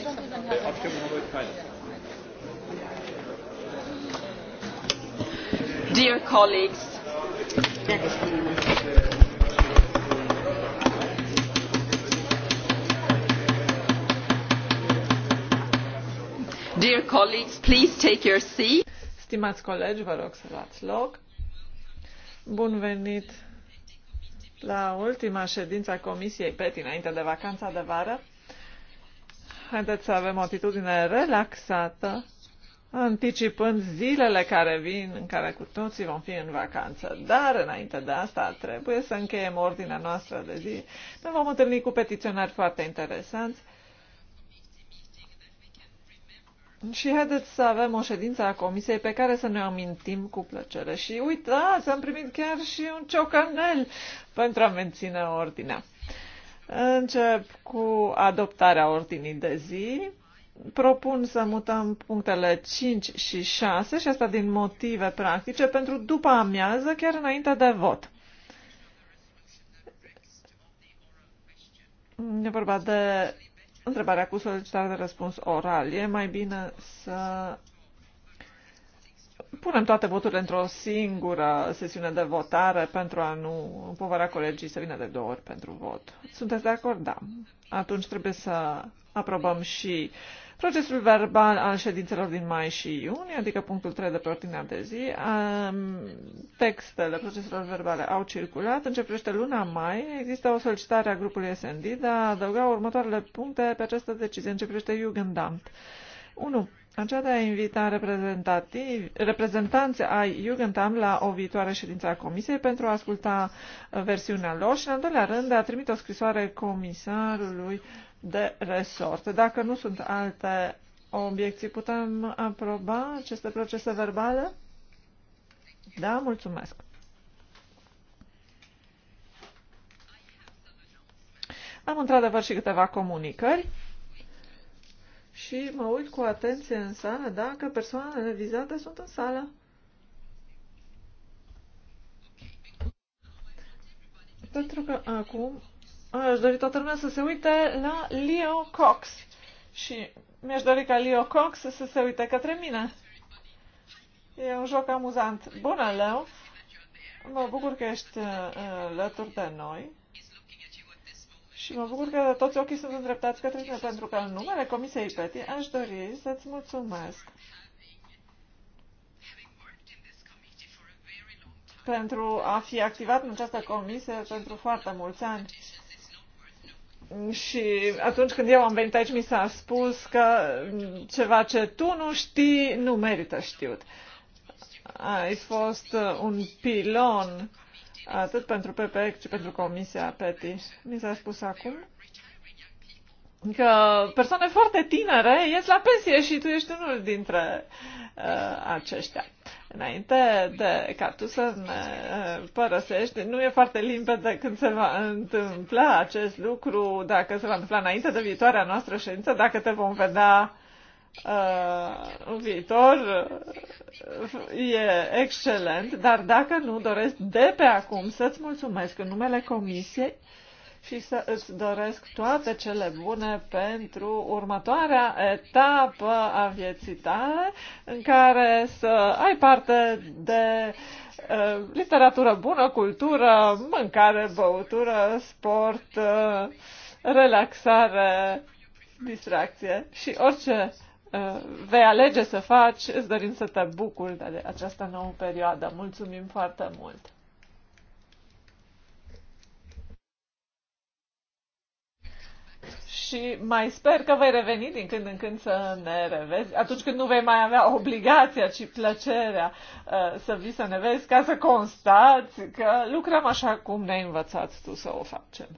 Dear colleagues, Dear colleagues, please take your seat. Stimați colegi, vă rog să luați loc. Bun venit la ultima ședință a Comisiei PETI înainte de vacanța de vară. Haideți să avem o atitudine relaxată, anticipând zilele care vin, în care cu toții vom fi în vacanță. Dar, înainte de asta, trebuie să încheiem ordinea noastră de zi. Ne vom întâlni cu petiționari foarte interesanți. Și haideți să avem o ședință a comisiei pe care să ne amintim cu plăcere. Și uitați, am primit chiar și un ciocanel pentru a menține ordinea. Încep cu adoptarea ordinii de zi. Propun să mutăm punctele 5 și 6 și asta din motive practice pentru după amiază, chiar înainte de vot. E vorba de întrebarea cu solicitare de răspuns oral. E mai bine să punem toate voturile într-o singură sesiune de votare pentru a nu împovăra colegii să vină de două ori pentru vot. Sunteți de acord? Da. Atunci trebuie să aprobăm și procesul verbal al ședințelor din mai și iunie, adică punctul 3 de pe ordinea de zi. Textele proceselor verbale au circulat. În ce privește luna mai, există o solicitare a grupului SND de a adăuga următoarele puncte pe această decizie în ce privește Jugendamt. 1 cea de a invita reprezentanți ai Jugendam la o viitoare ședință a Comisiei pentru a asculta versiunea lor și, în al doilea rând, de a trimite o scrisoare comisarului de resort. Dacă nu sunt alte obiecții, putem aproba aceste procese verbale? Da, mulțumesc. Am într-adevăr și câteva comunicări și mă uit cu atenție în sală dacă persoanele vizate sunt în sală. Pentru că acum aș dori toată lumea să se uite la Leo Cox. Și mi-aș dori ca Leo Cox să se uite către mine. E un joc amuzant. Bună, Leo! Mă bucur că ești uh, de noi și mă bucur că toți ochii sunt îndreptați către tine, pentru că în numele Comisiei PETI aș dori să-ți mulțumesc pentru a fi activat în această comisie pentru foarte mulți ani. Și atunci când eu am venit aici, mi s-a spus că ceva ce tu nu știi, nu merită știut. Ai fost un pilon atât pentru PPE cât și pentru Comisia PETI. Mi s-a spus acum că persoane foarte tinere ies la pensie și tu ești unul dintre uh, aceștia. Înainte de ca tu să ne uh, părăsești, nu e foarte limpede când se va întâmpla acest lucru, dacă se va întâmpla înainte de viitoarea noastră ședință, dacă te vom vedea Uh, în viitor uh, e excelent, dar dacă nu doresc de pe acum să-ți mulțumesc în numele Comisiei și să îți doresc toate cele bune pentru următoarea etapă a vieții tale în care să ai parte de uh, literatură bună, cultură, mâncare, băutură, sport, uh, relaxare, distracție și orice Eh, vei alege să faci, îți dorim să te bucuri de această nouă perioadă. Mulțumim foarte mult! și mai sper că vei reveni din când în când să ne revezi, atunci când nu vei mai avea obligația, ci plăcerea eh, să vii să ne vezi, ca să constați că lucrăm așa cum ne-ai învățat tu să o facem.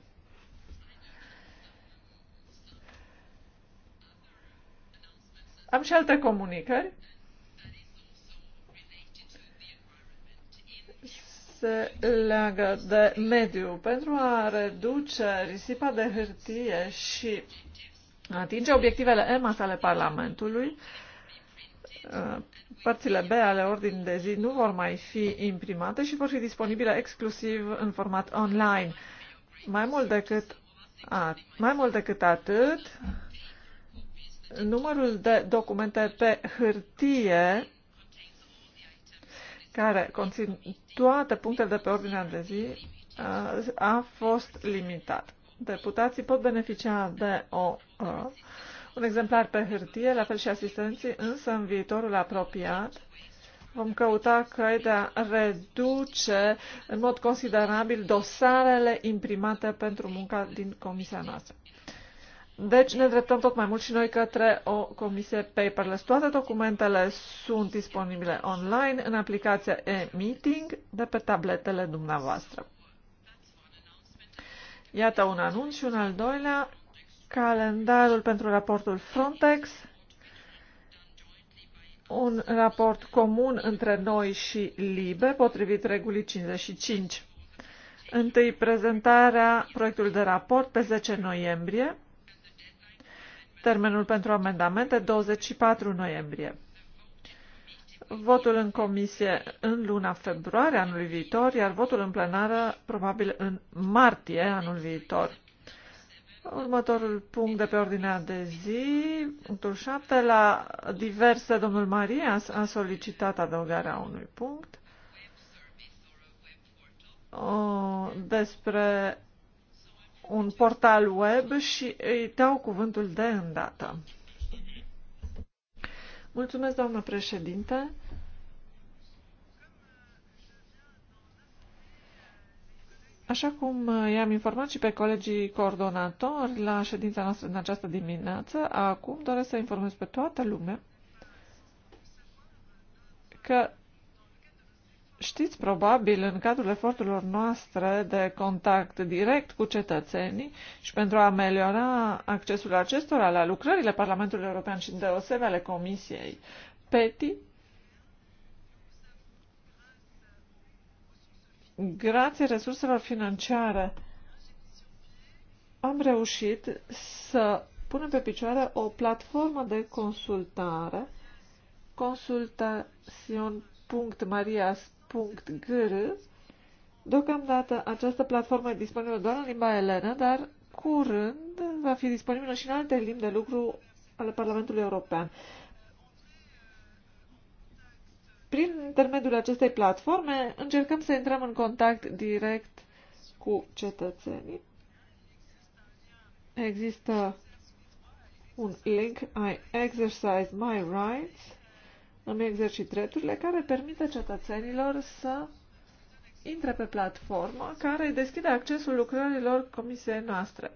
Am și alte comunicări. Se leagă de mediu pentru a reduce risipa de hârtie și atinge obiectivele EMAS ale Parlamentului. Uh, părțile B ale ordinii de zi nu vor mai fi imprimate și vor fi disponibile exclusiv în format online. Mai mult decât, a, mai mult decât atât, numărul de documente pe hârtie care conțin toate punctele de pe ordinea de zi uh, a fost limitat. Deputații pot beneficia de o, uh, un exemplar pe hârtie, la fel și asistenții, însă în viitorul apropiat vom căuta căi de a reduce în mod considerabil dosarele imprimate pentru munca din comisia noastră. Deci ne îndreptăm tot mai mult și noi către o comisie paperless. Toate documentele sunt disponibile online în aplicația e-meeting de pe tabletele dumneavoastră. Iată un anunț și un al doilea, calendarul pentru raportul Frontex, un raport comun între noi și LIBE, potrivit regulii 55. Întâi prezentarea proiectului de raport pe 10 noiembrie, Termenul pentru amendamente 24 noiembrie. Votul în comisie în luna februarie anul viitor, iar votul în plenară probabil în martie anul viitor. Următorul punct de pe ordinea de zi, punctul 7, la diverse, domnul Maria a solicitat adăugarea unui punct o, despre un portal web și îi dau cuvântul de îndată. Mulțumesc, doamnă președinte. Așa cum i-am informat și pe colegii coordonatori la ședința noastră în această dimineață, acum doresc să informez pe toată lumea că Știți probabil în cadrul eforturilor noastre de contact direct cu cetățenii și pentru a ameliora accesul acestora la lucrările Parlamentului European și deosebe ale Comisiei PETI, grație resurselor financiare am reușit să punem pe picioare o platformă de consultare, consultațion.marias www.gr. Deocamdată această platformă e disponibilă doar în limba elenă, dar curând va fi disponibilă și în alte limbi de lucru ale Parlamentului European. Prin intermediul acestei platforme încercăm să intrăm în contact direct cu cetățenii. Există un link I exercise my rights îmi exercit drepturile, care permite cetățenilor să intre pe platformă care deschide accesul lucrărilor comisiei noastre.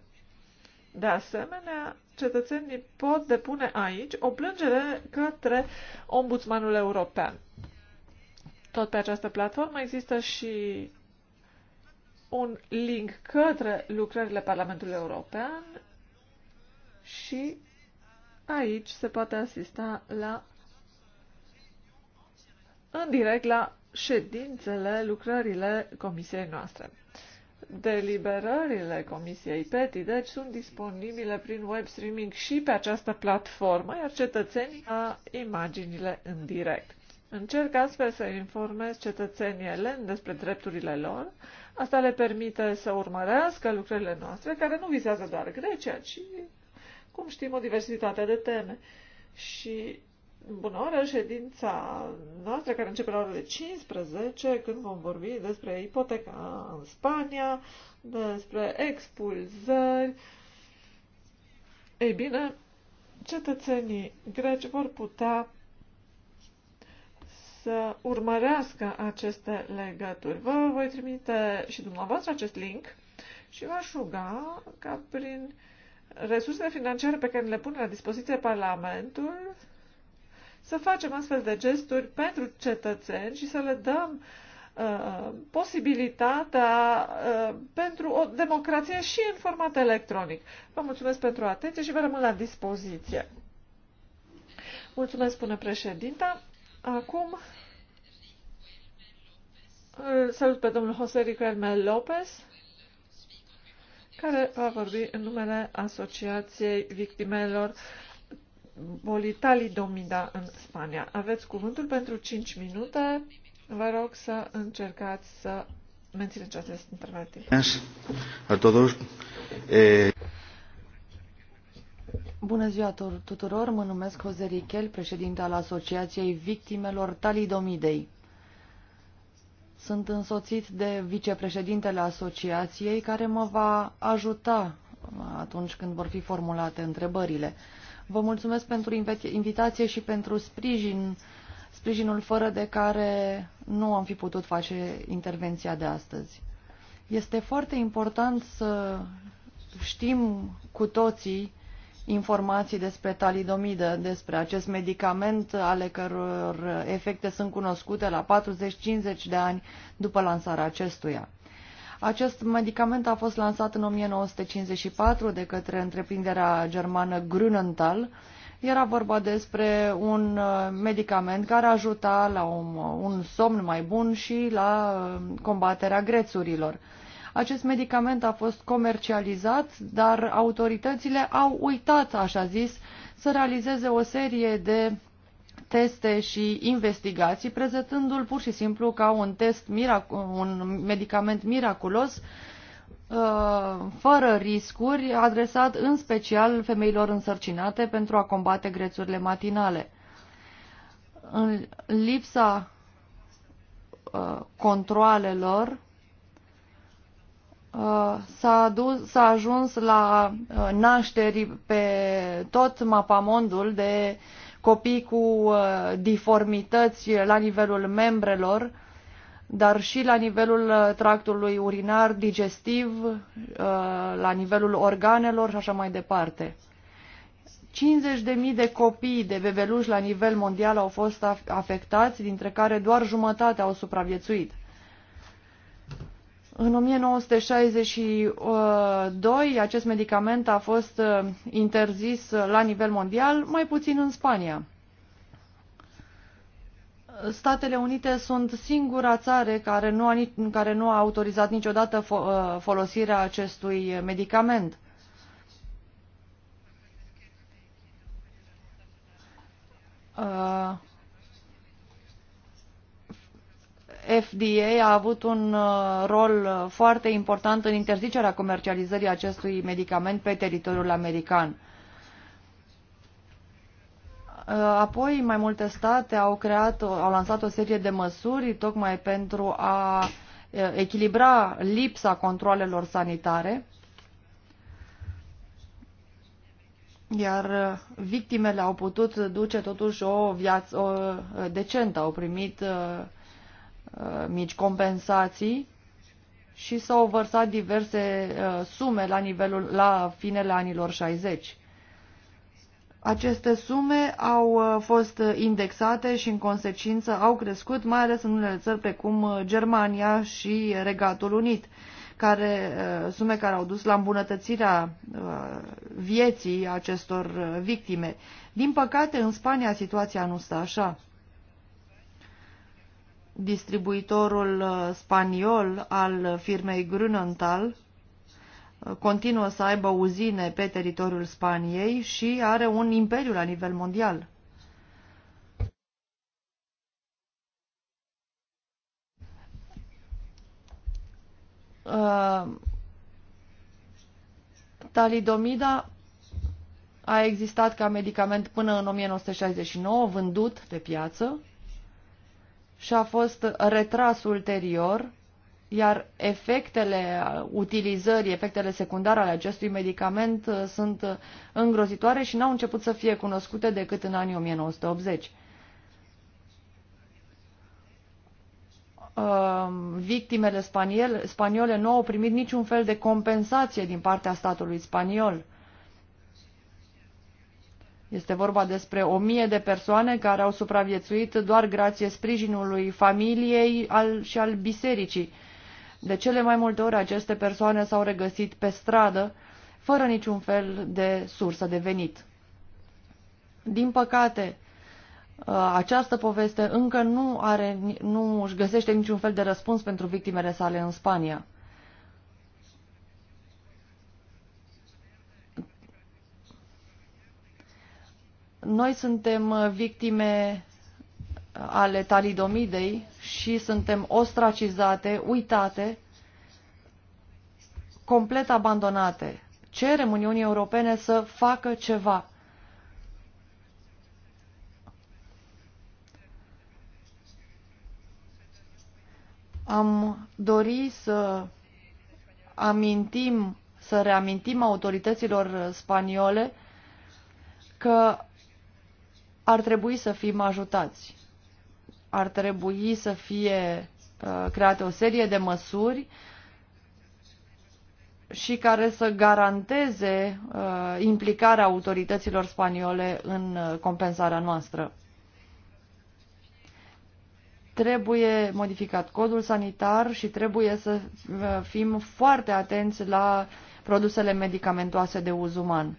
De asemenea, cetățenii pot depune aici o plângere către Ombudsmanul European. Tot pe această platformă există și un link către lucrările Parlamentului European și aici se poate asista la în direct la ședințele, lucrările comisiei noastre. Deliberările Comisiei PETI, deci, sunt disponibile prin web streaming și pe această platformă, iar cetățenii a imaginile în direct. Încerc astfel să informez cetățenii eleni despre drepturile lor. Asta le permite să urmărească lucrările noastre, care nu vizează doar Grecia, ci, cum știm, o diversitate de teme. Și bună oră, ședința noastră care începe la orele 15, când vom vorbi despre ipoteca în Spania, despre expulzări. Ei bine, cetățenii greci vor putea să urmărească aceste legături. Vă voi trimite și dumneavoastră acest link și vă aș ruga ca prin resursele financiare pe care le pune la dispoziție Parlamentul să facem astfel de gesturi pentru cetățeni și să le dăm uh, posibilitatea uh, pentru o democrație și în format electronic. Vă mulțumesc pentru atenție și vă rămân la dispoziție. Mulțumesc, spune președinta. Acum îl salut pe domnul José Riquelme López, care va vorbi în numele Asociației Victimelor bolitali Domida în Spania. Aveți cuvântul pentru 5 minute. Vă rog să încercați să mențineți acest timp. Bună ziua tuturor, mă numesc Jose Richel, președinte al Asociației Victimelor Talidomidei. Sunt însoțit de vicepreședintele asociației care mă va ajuta atunci când vor fi formulate întrebările. Vă mulțumesc pentru invitație și pentru sprijin, sprijinul fără de care nu am fi putut face intervenția de astăzi. Este foarte important să știm cu toții informații despre talidomidă, despre acest medicament ale căror efecte sunt cunoscute la 40-50 de ani după lansarea acestuia. Acest medicament a fost lansat în 1954 de către întreprinderea germană Grünenthal. Era vorba despre un uh, medicament care ajuta la un, uh, un somn mai bun și la uh, combaterea grețurilor. Acest medicament a fost comercializat, dar autoritățile au uitat, așa zis, să realizeze o serie de teste și investigații, prezentându-l pur și simplu ca un test, un medicament miraculos, uh, fără riscuri, adresat în special femeilor însărcinate pentru a combate grețurile matinale. În lipsa uh, controalelor, uh, s-a ajuns la nașteri pe tot mapamondul de uh, copii cu uh, diformități la nivelul membrelor, dar și la nivelul uh, tractului urinar, digestiv, uh, la nivelul organelor și așa mai departe. 50.000 de copii de bebeluși la nivel mondial au fost afectați, dintre care doar jumătate au supraviețuit. În 1962 acest medicament a fost uh, interzis uh, la nivel mondial, mai puțin în Spania. Statele Unite sunt singura țară care nu a, care nu a autorizat niciodată fo uh, folosirea acestui medicament. Uh, FDA a avut un uh, rol uh, foarte important în interzicerea comercializării acestui medicament pe teritoriul american. Uh, apoi, mai multe state au creat, au lansat o serie de măsuri tocmai pentru a echilibra lipsa controlelor sanitare, iar victimele au putut duce totuși o viață o, decentă, au primit Uh, mici compensații și s-au vărsat diverse uh, sume la, nivelul, la finele anilor 60. Aceste sume au uh, fost indexate și în consecință au crescut, mai ales în unele țări precum Germania și Regatul Unit, care, sume care au dus la îmbunătățirea vieții acestor victime. Din păcate, în Spania situația nu stă așa distribuitorul uh, spaniol al firmei Grünenthal uh, continuă să aibă uzine pe teritoriul Spaniei și are un imperiu la nivel mondial. Uh, talidomida a existat ca medicament până în 1969, vândut pe piață, și a fost retras ulterior, iar efectele utilizării, efectele secundare ale acestui medicament uh, sunt îngrozitoare și n-au început să fie cunoscute decât în anii 1980. Um, victimele spaniole nu au primit niciun fel de compensație din partea statului spaniol este vorba despre o mie de persoane care au supraviețuit doar grație sprijinului familiei al, și al bisericii. De cele mai multe ori aceste persoane s-au regăsit pe stradă, fără niciun fel de sursă de venit. Din păcate, ă, această poveste încă nu, are, nu își găsește niciun fel de răspuns pentru victimele sale în Spania. Noi suntem uh, victime uh, ale talidomidei și suntem ostracizate, uitate, complet abandonate. Cerem Uniunii Europene să facă ceva. Am dori să amintim, să reamintim autorităților spaniole că ar trebui să fim ajutați. Ar trebui să fie uh, create o serie de măsuri și care să garanteze uh, implicarea autorităților spaniole în uh, compensarea noastră. Trebuie modificat codul sanitar și trebuie să uh, fim foarte atenți la produsele medicamentoase de uz uman.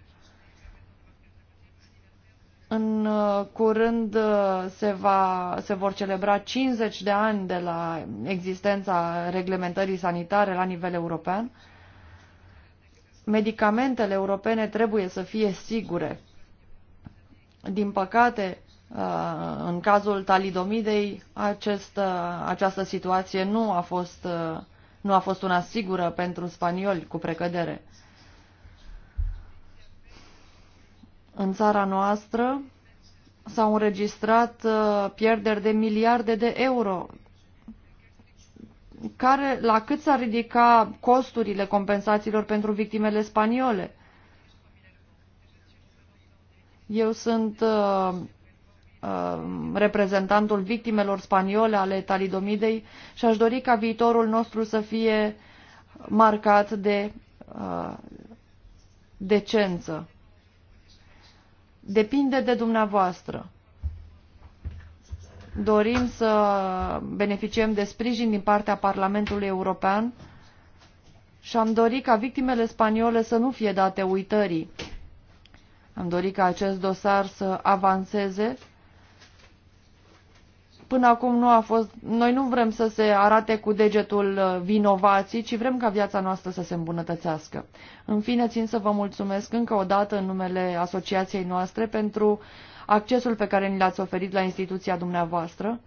În uh, curând uh, se, va, se vor celebra 50 de ani de la existența reglementării sanitare la nivel european. Medicamentele europene trebuie să fie sigure. Din păcate, uh, în cazul talidomidei, acest, această situație nu a, fost, nu a fost una sigură pentru spanioli cu precădere. În țara noastră s-au înregistrat uh, pierderi de miliarde de euro. Care, la cât s-ar ridica costurile compensațiilor pentru victimele spaniole? Eu sunt uh, uh, reprezentantul victimelor spaniole ale talidomidei și aș dori ca viitorul nostru să fie marcat de uh, decență depinde de dumneavoastră. Dorim să beneficiem de sprijin din partea Parlamentului European și am dorit ca victimele spaniole să nu fie date uitării. Am dorit ca acest dosar să avanseze până acum nu a fost, noi nu vrem să se arate cu degetul uh, vinovații, ci vrem ca viața noastră să se îmbunătățească. În fine, țin să vă mulțumesc încă o dată în numele asociației noastre pentru accesul pe care ni l-ați oferit la instituția dumneavoastră.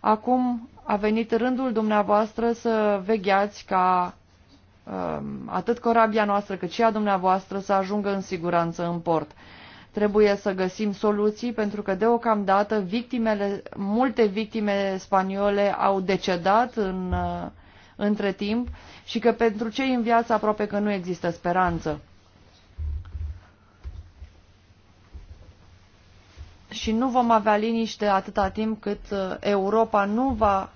Acum a venit rândul dumneavoastră să vegheați ca um, atât corabia noastră cât și a dumneavoastră să ajungă în siguranță în port. Trebuie să găsim soluții pentru că deocamdată victimele, multe victime spaniole au decedat în, uh, între timp și că pentru cei în viață aproape că nu există speranță. și nu vom avea liniște atâta timp cât uh, Europa nu va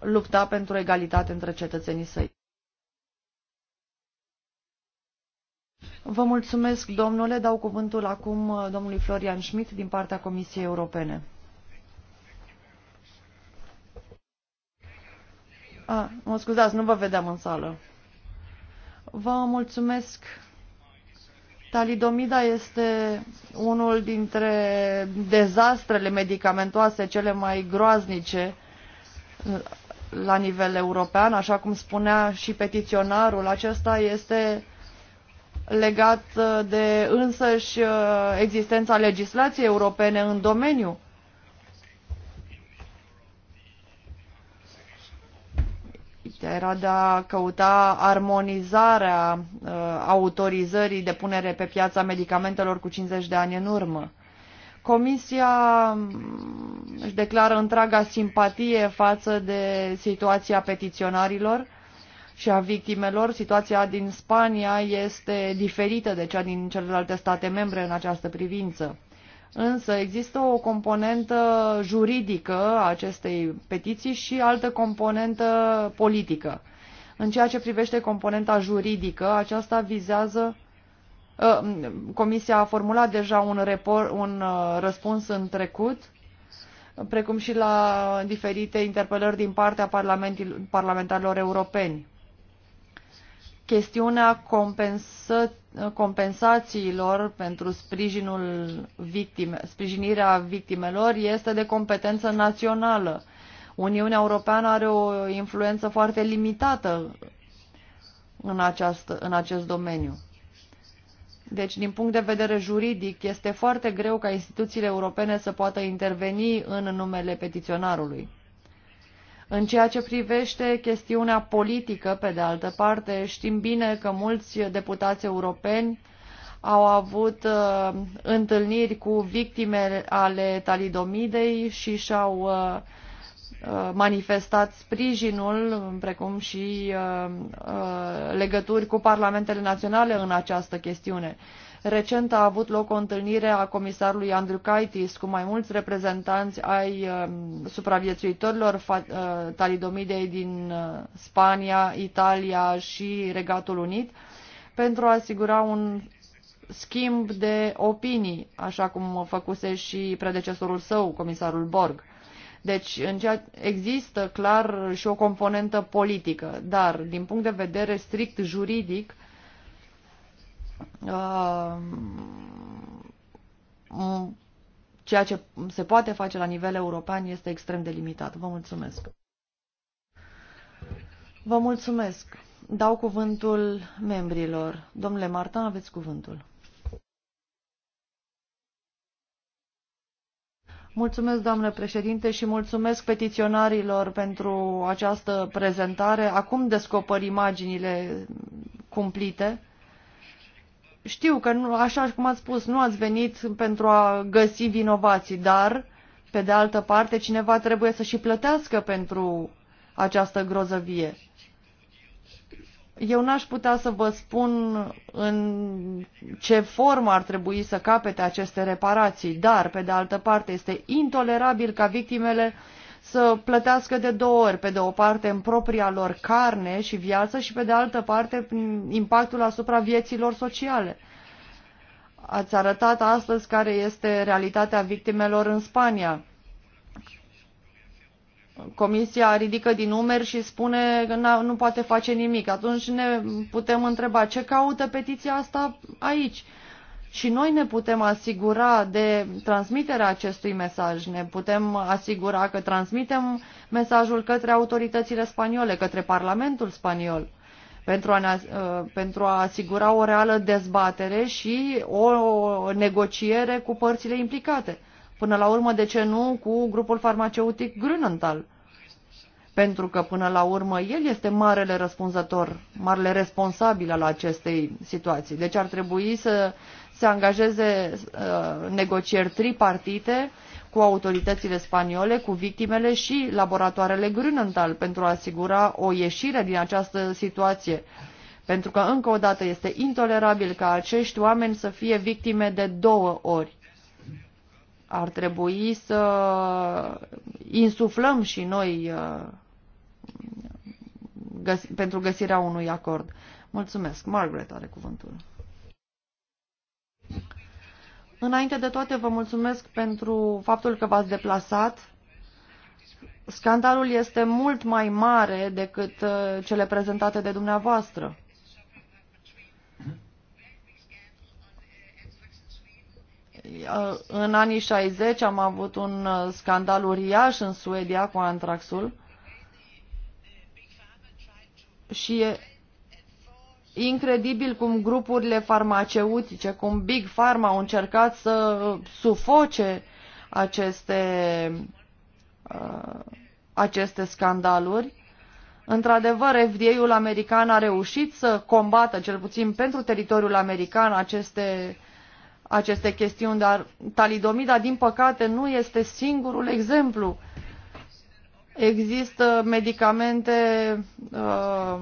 lupta pentru egalitate între cetățenii săi. Vă mulțumesc, domnule. Dau cuvântul acum uh, domnului Florian Schmidt din partea Comisiei Europene. A, mă scuzați, nu vă vedeam în sală. Vă mulțumesc. Talidomida este unul dintre dezastrele medicamentoase cele mai groaznice uh, la nivel european. Așa cum spunea și petiționarul, acesta este legat uh, de însăși uh, existența legislației europene în domeniu. era de a căuta armonizarea uh, autorizării de punere pe piața medicamentelor cu 50 de ani în urmă. Comisia mm, își declară întreaga simpatie față de situația petiționarilor și a victimelor. Situația din Spania este diferită de cea din celelalte state membre în această privință. Însă există o componentă juridică a acestei petiții și altă componentă politică. În ceea ce privește componenta juridică, aceasta vizează ă, Comisia a formulat deja un, report, un ă, răspuns în trecut, precum și la diferite interpelări din partea parlamentarilor europeni chestiunea compensă, compensațiilor pentru sprijinul victime, sprijinirea victimelor este de competență națională. Uniunea Europeană are o influență foarte limitată în, această, în acest domeniu. Deci, din punct de vedere juridic, este foarte greu ca instituțiile europene să poată interveni în numele petiționarului. În ceea ce privește chestiunea politică, pe de altă parte, știm bine că mulți deputați europeni au avut uh, întâlniri cu victime ale talidomidei și și-au uh, uh manifestat sprijinul, precum și uh, uh, legături cu parlamentele naționale în această chestiune. Uh, Recent a avut loc o întâlnire a comisarului Andriukaitis cu mai mulți reprezentanți ai um, supraviețuitorilor uh, talidomidei din uh, Spania, Italia și Regatul Unit pentru a asigura un schimb de opinii, așa cum făcuse și predecesorul său, comisarul Borg. Deci în ceea, există clar și o componentă politică, dar din punct de vedere strict juridic, Uh, ceea ce se poate face la nivel european este extrem de limitat. Vă mulțumesc. Vă mulțumesc. Dau cuvântul membrilor. Domnule Martin, aveți cuvântul. Mulțumesc, doamnă președinte, și mulțumesc petiționarilor pentru această prezentare. Acum descoper imaginile cumplite. Știu că, nu, așa cum ați spus, nu ați venit pentru a găsi vinovații, dar, pe de altă parte, cineva trebuie să și plătească pentru această grozăvie. Eu n-aș putea să vă spun în ce formă ar trebui să capete aceste reparații, dar, pe de altă parte, este intolerabil ca victimele uh, să plătească de două ori, pe de o parte în propria lor carne și viață și pe de altă parte impactul asupra vieților sociale. Ați arătat astăzi care este realitatea victimelor în Spania. Comisia ridică din numeri și spune că nu poate face nimic. Atunci ne putem întreba ce caută petiția asta aici și noi ne putem asigura de transmiterea acestui mesaj, ne putem asigura că transmitem mesajul către autoritățile spaniole, către Parlamentul spaniol, pentru a, ne, uh, pentru a asigura o reală dezbatere și o negociere cu părțile implicate. Până la urmă, de ce nu, cu grupul farmaceutic Grünenthal pentru că până la urmă el este marele răspunzător, marele responsabil al acestei situații. Deci ar trebui să să angajeze uh, negocieri tripartite cu autoritățile spaniole, cu victimele și laboratoarele Grünenthal pentru a asigura o ieșire din această situație. Pentru că, încă o dată, este intolerabil ca acești oameni să fie victime de două ori. Ar trebui să insuflăm și noi uh, găs pentru găsirea unui acord. Mulțumesc. Margaret are cuvântul. Înainte de toate, vă mulțumesc pentru faptul că v-ați deplasat. Scandalul este mult mai mare decât uh, cele prezentate de dumneavoastră. Uh, în anii 60 am avut un uh, scandal uriaș în Suedia cu antraxul și incredibil cum grupurile farmaceutice, cum Big Pharma au încercat să sufoce aceste, uh, aceste scandaluri. Într-adevăr, FDA-ul american a reușit să combată, cel puțin pentru teritoriul american, aceste, aceste chestiuni, dar talidomida, din păcate, nu este singurul exemplu. Există medicamente uh,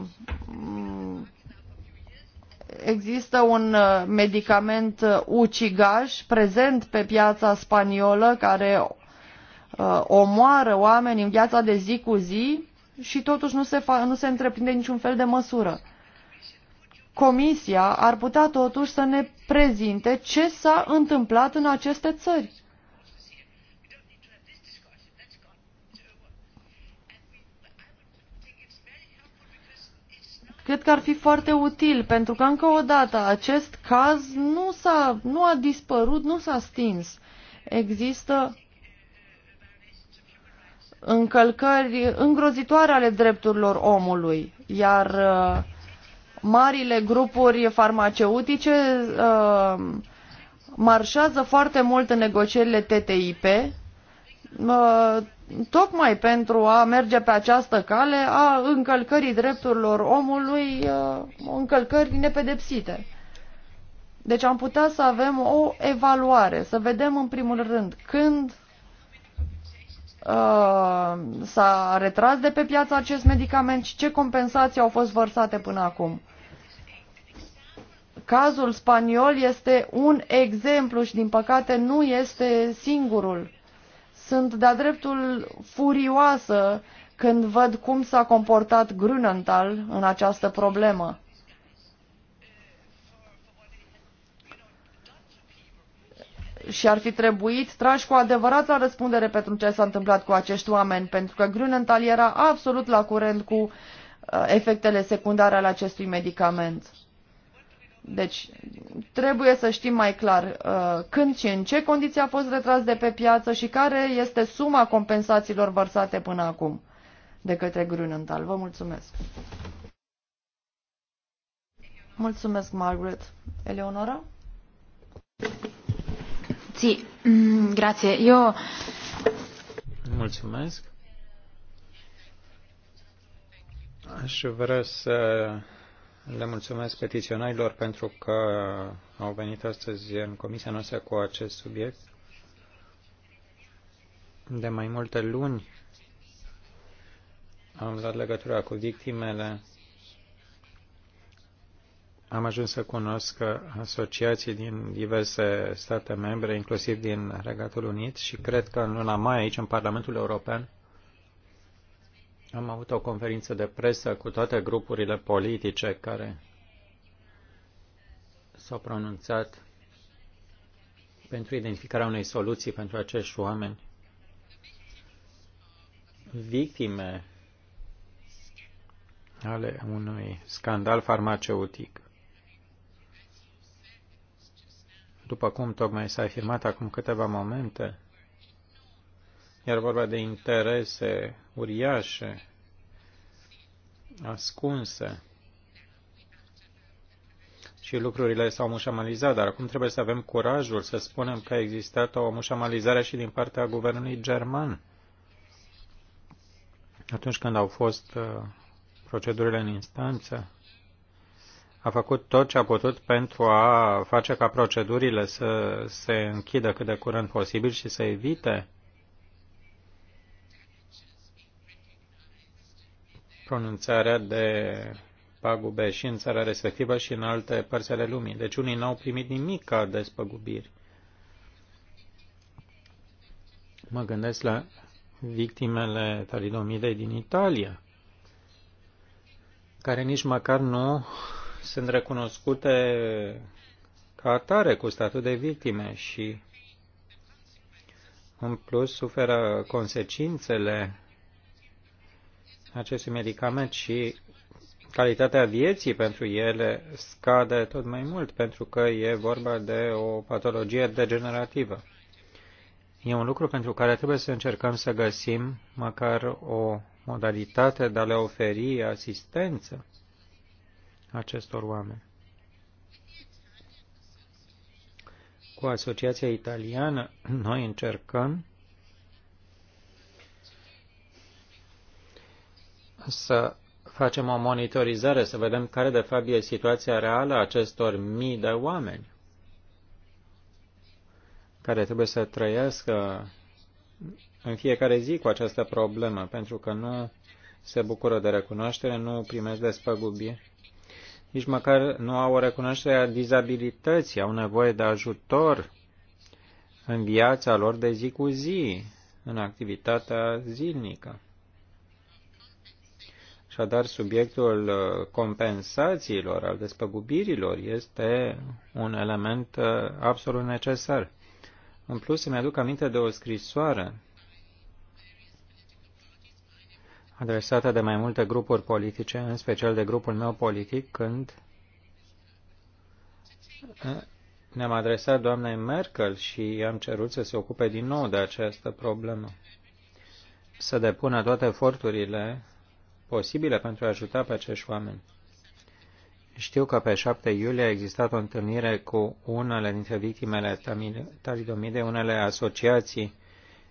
există un uh, medicament uh, ucigaș prezent pe piața spaniolă care uh, omoară oameni în viața de zi cu zi și totuși nu se, nu se întreprinde niciun fel de măsură. Comisia ar putea totuși să ne prezinte ce s-a întâmplat în aceste țări. Cred că ar fi foarte util, pentru că încă o dată acest caz nu, a nu a dispărut, nu s-a stins. Există încălcări îngrozitoare ale drepturilor omului, iar uh, marile grupuri farmaceutice uh, marșează foarte mult în negocierile TTIP, uh, tocmai pentru a merge pe această cale a încălcării drepturilor omului, uh, încălcări nepedepsite. Deci am putea să avem o evaluare, să vedem în primul rând când uh, s-a retras de pe piață acest medicament și ce compensații au fost vărsate până acum. Cazul spaniol este un exemplu și din păcate nu este singurul sunt de-a dreptul furioasă când văd cum s-a comportat Grunenthal în această problemă. și ar fi trebuit trași cu adevărat la răspundere pentru ce s-a întâmplat cu acești oameni, pentru că Grunenthal era absolut la curent cu uh, efectele secundare ale acestui medicament. Deci trebuie să știm mai clar uh, când și în ce condiții a fost retras de pe piață și care este suma compensațiilor vărsate până acum de către Grunenthal. Vă mulțumesc! Mulțumesc, Margaret. Eleonora? Sì, mm, grazie. Eu... Mulțumesc. Aș vrea să le mulțumesc petiționarilor pentru că au venit astăzi în comisia noastră cu acest subiect. De mai multe luni am luat legătura cu victimele. Am ajuns să cunosc asociații din diverse state membre, inclusiv din Regatul Unit, și cred că în luna mai aici, în Parlamentul European, am avut o conferință de presă cu toate grupurile politice care s-au pronunțat pentru identificarea unei soluții pentru acești oameni. Victime ale unui scandal farmaceutic. După cum tocmai s-a afirmat acum câteva momente, iar vorba de interese uriașe, ascunse. Și lucrurile s-au mușamalizat, dar acum trebuie să avem curajul să spunem că a existat o mușamalizare și din partea guvernului german. Atunci când au fost uh, procedurile în instanță, a făcut tot ce a putut pentru a face ca procedurile să se închidă cât de curând posibil și să evite pronunțarea de pagube și în țara respectivă și în alte părți ale lumii. Deci unii n-au primit nimic ca despăgubiri. Mă gândesc la victimele talidomidei din Italia, care nici măcar nu sunt recunoscute ca atare cu statut de victime și în plus suferă consecințele acestui medicament și calitatea vieții pentru ele scade tot mai mult pentru că e vorba de o patologie degenerativă. E un lucru pentru care trebuie să încercăm să găsim măcar o modalitate de a le oferi asistență acestor oameni. Cu Asociația Italiană noi încercăm să facem o monitorizare, să vedem care de fapt e situația reală a acestor mii de oameni care trebuie să trăiască în fiecare zi cu această problemă, pentru că nu se bucură de recunoaștere, nu primesc despăgubiri, nici măcar nu au o recunoaștere a dizabilității, au nevoie de ajutor în viața lor de zi cu zi, în activitatea zilnică. Așadar, subiectul uh, compensațiilor, al despăgubirilor, este un element uh, absolut necesar. În plus, îmi aduc aminte de o scrisoare adresată de mai multe grupuri politice, în special de grupul meu politic, când uh, ne-am adresat doamnei Merkel și i-am cerut să se ocupe din nou de această problemă, să depună toate eforturile posibile pentru a ajuta pe acești oameni. Știu că pe 7 iulie a existat o întâlnire cu unele dintre victimele talidomide, unele asociații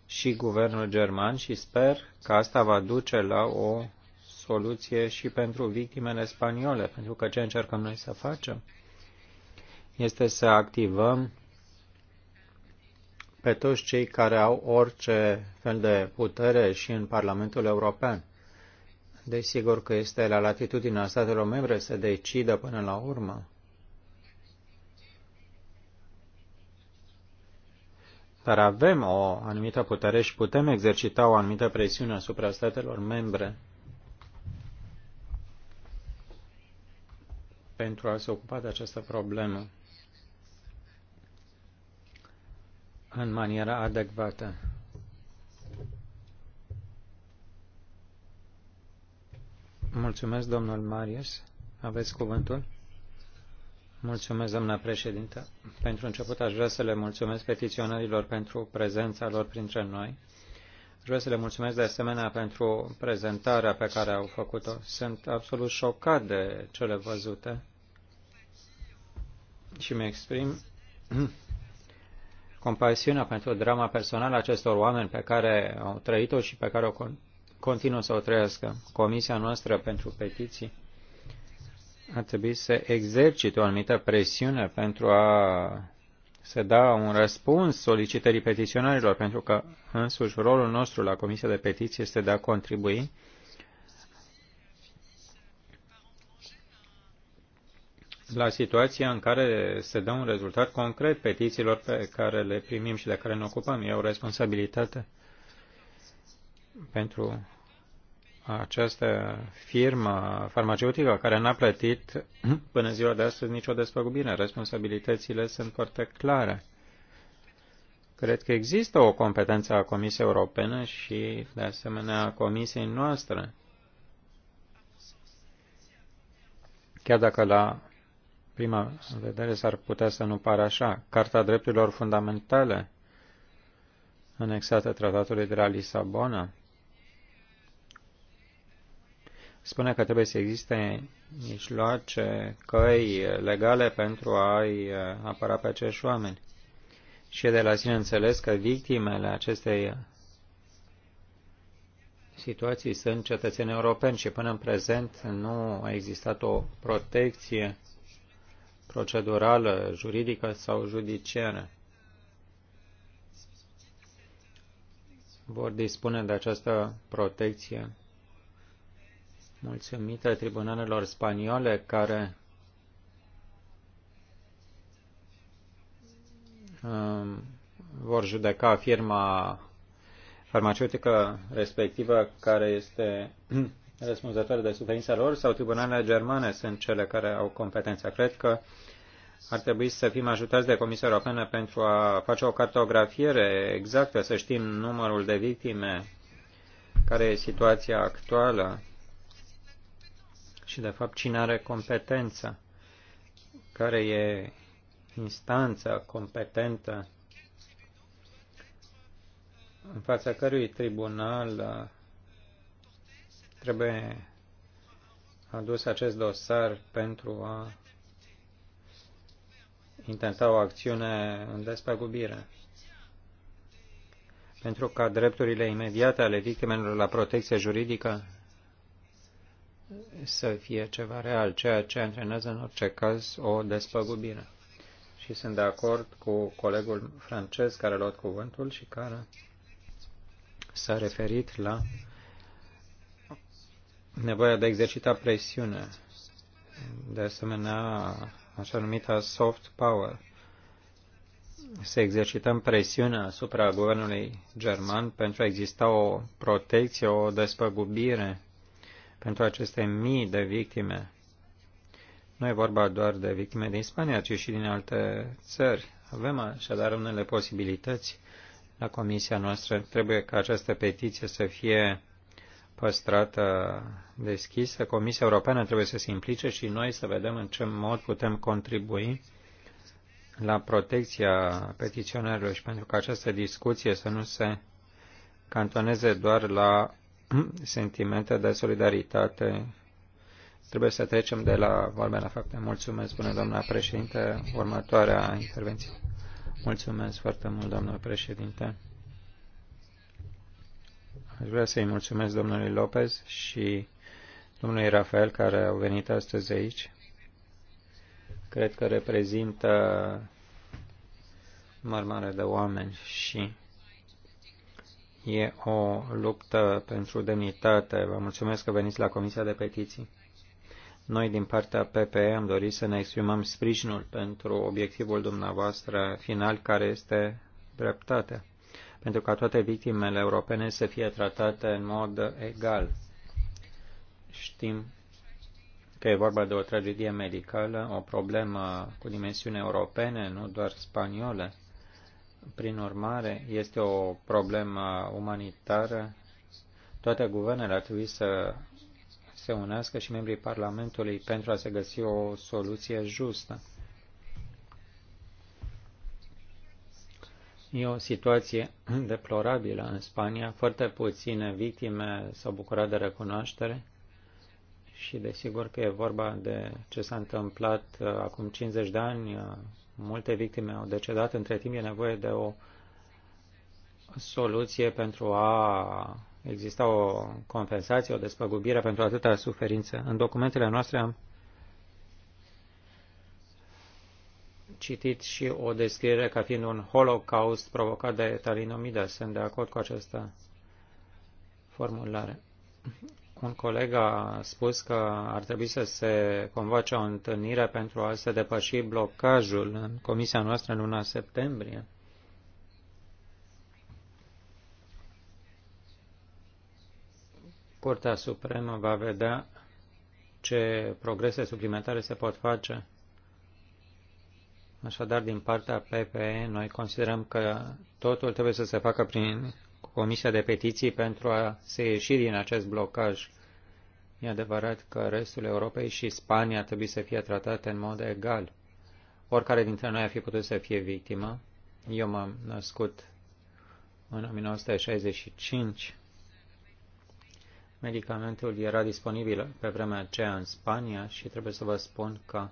și guvernul german și sper că asta va duce la o soluție și pentru victimele spaniole, pentru că ce încercăm noi să facem este să activăm pe toți cei care au orice fel de putere și în Parlamentul European. Desigur că este la latitudinea statelor membre să decidă până la urmă dar avem o anumită putere și putem exercita o anumită presiune asupra statelor membre pentru a se ocupa de această problemă în maniera adecvată. Mulțumesc, domnul Marius. Aveți cuvântul? Mulțumesc, doamna președintă. Pentru început aș vrea să le mulțumesc petiționarilor pentru prezența lor printre noi. Vreau să le mulțumesc de asemenea pentru prezentarea pe care au făcut-o. Sunt absolut șocat de cele văzute și mi exprim compasiunea pentru drama personală acestor oameni pe care au trăit-o și pe care o continuă să o trăiască. Comisia noastră pentru petiții a trebuit să exercite o anumită presiune pentru a se da un răspuns solicitării petiționarilor, pentru că însuși rolul nostru la Comisia de Petiții este de a contribui la situația în care se dă un rezultat concret petițiilor pe care le primim și de care ne ocupăm. E o responsabilitate pentru această firmă farmaceutică care n-a plătit până ziua de astăzi nicio despăgubire. Responsabilitățile sunt foarte clare. Cred că există o competență a Comisiei Europene și, de asemenea, a Comisiei noastre. Chiar dacă la prima vedere s-ar putea să nu pară așa, Carta Drepturilor Fundamentale, anexată Tratatului de la Lisabona, spune că trebuie să existe mijloace, căi legale pentru a-i uh, apăra pe acești oameni. Și e de la sine înțeles că victimele acestei situații sunt cetățeni europeni și până în prezent nu a existat o protecție procedurală, juridică sau judiciară. Vor dispune de această protecție mulțumită tribunalelor spaniole care um, vor judeca firma farmaceutică respectivă care este răspunzătoare de suferința lor sau tribunalele germane sunt cele care au competența. Cred că ar trebui să fim ajutați de Comisia Europeană pentru a face o cartografiere exactă, să știm numărul de victime, care e situația actuală și, de fapt, cine are competența, care e instanța competentă în fața cărui tribunal uh, trebuie adus acest dosar pentru a intenta o acțiune în despăgubire. Pentru ca drepturile imediate ale victimelor la protecție juridică să fie ceva real, ceea ce antrenează în orice caz o despăgubire. Și sunt de acord cu colegul francez care a luat cuvântul și care s-a referit la nevoia de a exercita presiune, de asemenea așa numită soft power. Să exercităm presiunea asupra guvernului german pentru a exista o protecție, o despăgubire pentru aceste mii de victime. Nu e vorba doar de victime din Spania, ci și din alte țări. Avem așadar unele posibilități la comisia noastră. Trebuie ca această petiție să fie păstrată deschisă. Comisia Europeană trebuie să se implice și noi să vedem în ce mod putem contribui la protecția petiționarilor și pentru că această discuție să nu se cantoneze doar la sentimente de solidaritate. Trebuie să trecem de la vorbe la fapte. Mulțumesc, spune doamna președinte. Următoarea intervenție. Mulțumesc foarte mult, doamna președinte. Aș vrea să-i mulțumesc domnului Lopez și domnului Rafael care au venit astăzi aici. Cred că reprezintă mare mare de oameni și E o luptă pentru demnitate. Vă mulțumesc că veniți la Comisia de Petiții. Noi, din partea PPE, am dorit să ne exprimăm sprijinul pentru obiectivul dumneavoastră final, care este dreptatea, pentru ca toate victimele europene să fie tratate în mod egal. Știm că e vorba de o tragedie medicală, o problemă cu dimensiune europene, nu doar spaniole, prin urmare, este o problemă umanitară. Toate guvernele ar trebui să se unească și membrii Parlamentului pentru a se găsi o soluție justă. E o situație deplorabilă în Spania. Foarte puține victime s-au bucurat de recunoaștere și desigur că e vorba de ce s-a întâmplat uh, acum 50 de ani uh, Multe victime au decedat. Între timp e nevoie de o soluție pentru a exista o compensație, o despăgubire pentru atâta suferință. În documentele noastre am citit și o descriere ca fiind un holocaust provocat de talinomida. Sunt de acord cu această formulare. Un coleg a spus că ar trebui să se convoace o întâlnire pentru a se depăși blocajul în comisia noastră în luna septembrie. Curtea Supremă va vedea ce progrese suplimentare se pot face. Așadar, din partea PPE, noi considerăm că totul trebuie să se facă prin Comisia de Petiții pentru a se ieși din acest blocaj. E adevărat că restul Europei și Spania trebuie să fie tratate în mod egal. Oricare dintre noi a fi putut să fie victimă. Eu m-am născut în 1965. Medicamentul era disponibil pe vremea aceea în Spania și trebuie să vă spun că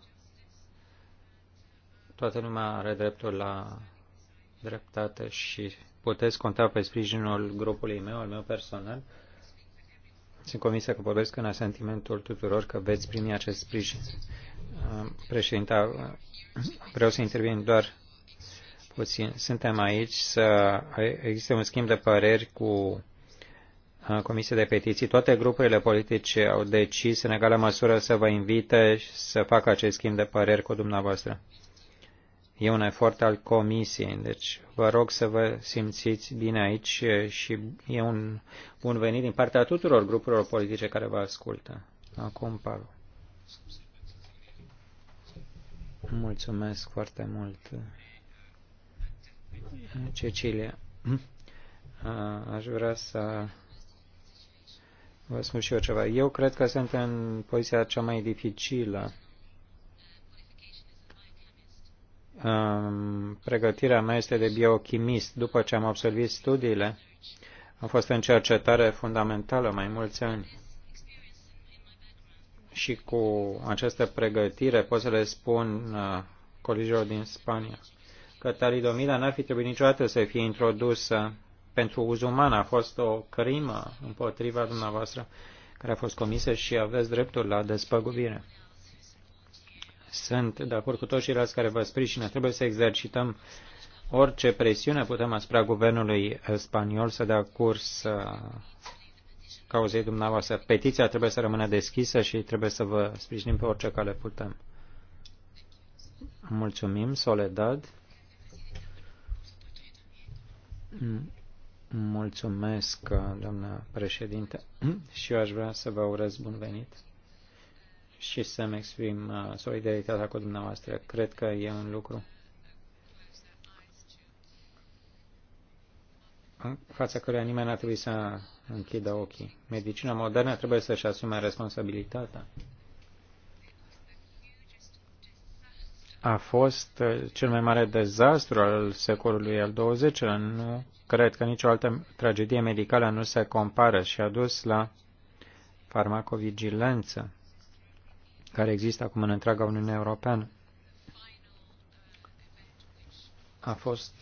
toată lumea are dreptul la dreptate și puteți conta pe sprijinul grupului meu, al meu personal. Sunt convinsă că vorbesc în asentimentul tuturor că veți primi acest sprijin. Președinta, vreau să intervin doar puțin. Suntem aici să există un schimb de păreri cu Comisia de Petiții. Toate grupurile politice au decis în egală măsură să vă invite și să facă acest schimb de păreri cu dumneavoastră. E un efort al comisiei, deci vă rog să vă simțiți bine aici și e un bun venit din partea tuturor grupurilor politice care vă ascultă. Acum, Paul. Mulțumesc foarte mult, Cecilia. Aș vrea să vă spun și eu ceva. Eu cred că sunt în poziția cea mai dificilă pregătirea mea este de biochimist. După ce am absolvit studiile, am fost în cercetare fundamentală mai mulți ani. Și cu această pregătire pot să le spun uh, colegilor din Spania că talidomida n-ar fi trebuit niciodată să fie introdusă pentru uz uman. A fost o crimă împotriva dumneavoastră care a fost comisă și aveți dreptul la despăgubire. Sunt de acord cu toți ceilalți care vă sprijină. Trebuie să exercităm orice presiune putem asupra guvernului spaniol să dea curs uh, cauzei dumneavoastră. Petiția trebuie să rămână deschisă și trebuie să vă sprijinim pe orice cale putem. Mulțumim, Soledad. Mulțumesc, doamnă președinte, și eu aș vrea să vă urez bun venit și să-mi exprim uh, solidaritatea cu dumneavoastră. Cred că e un lucru în fața căruia nimeni ar trebui să închidă ochii. Medicina modernă trebuie să-și asume responsabilitatea. A fost uh, cel mai mare dezastru al secolului al XX-lea. Nu cred că nicio altă tragedie medicală nu se compară și a dus la farmacovigilență care există acum în întreaga Uniune Europeană. A fost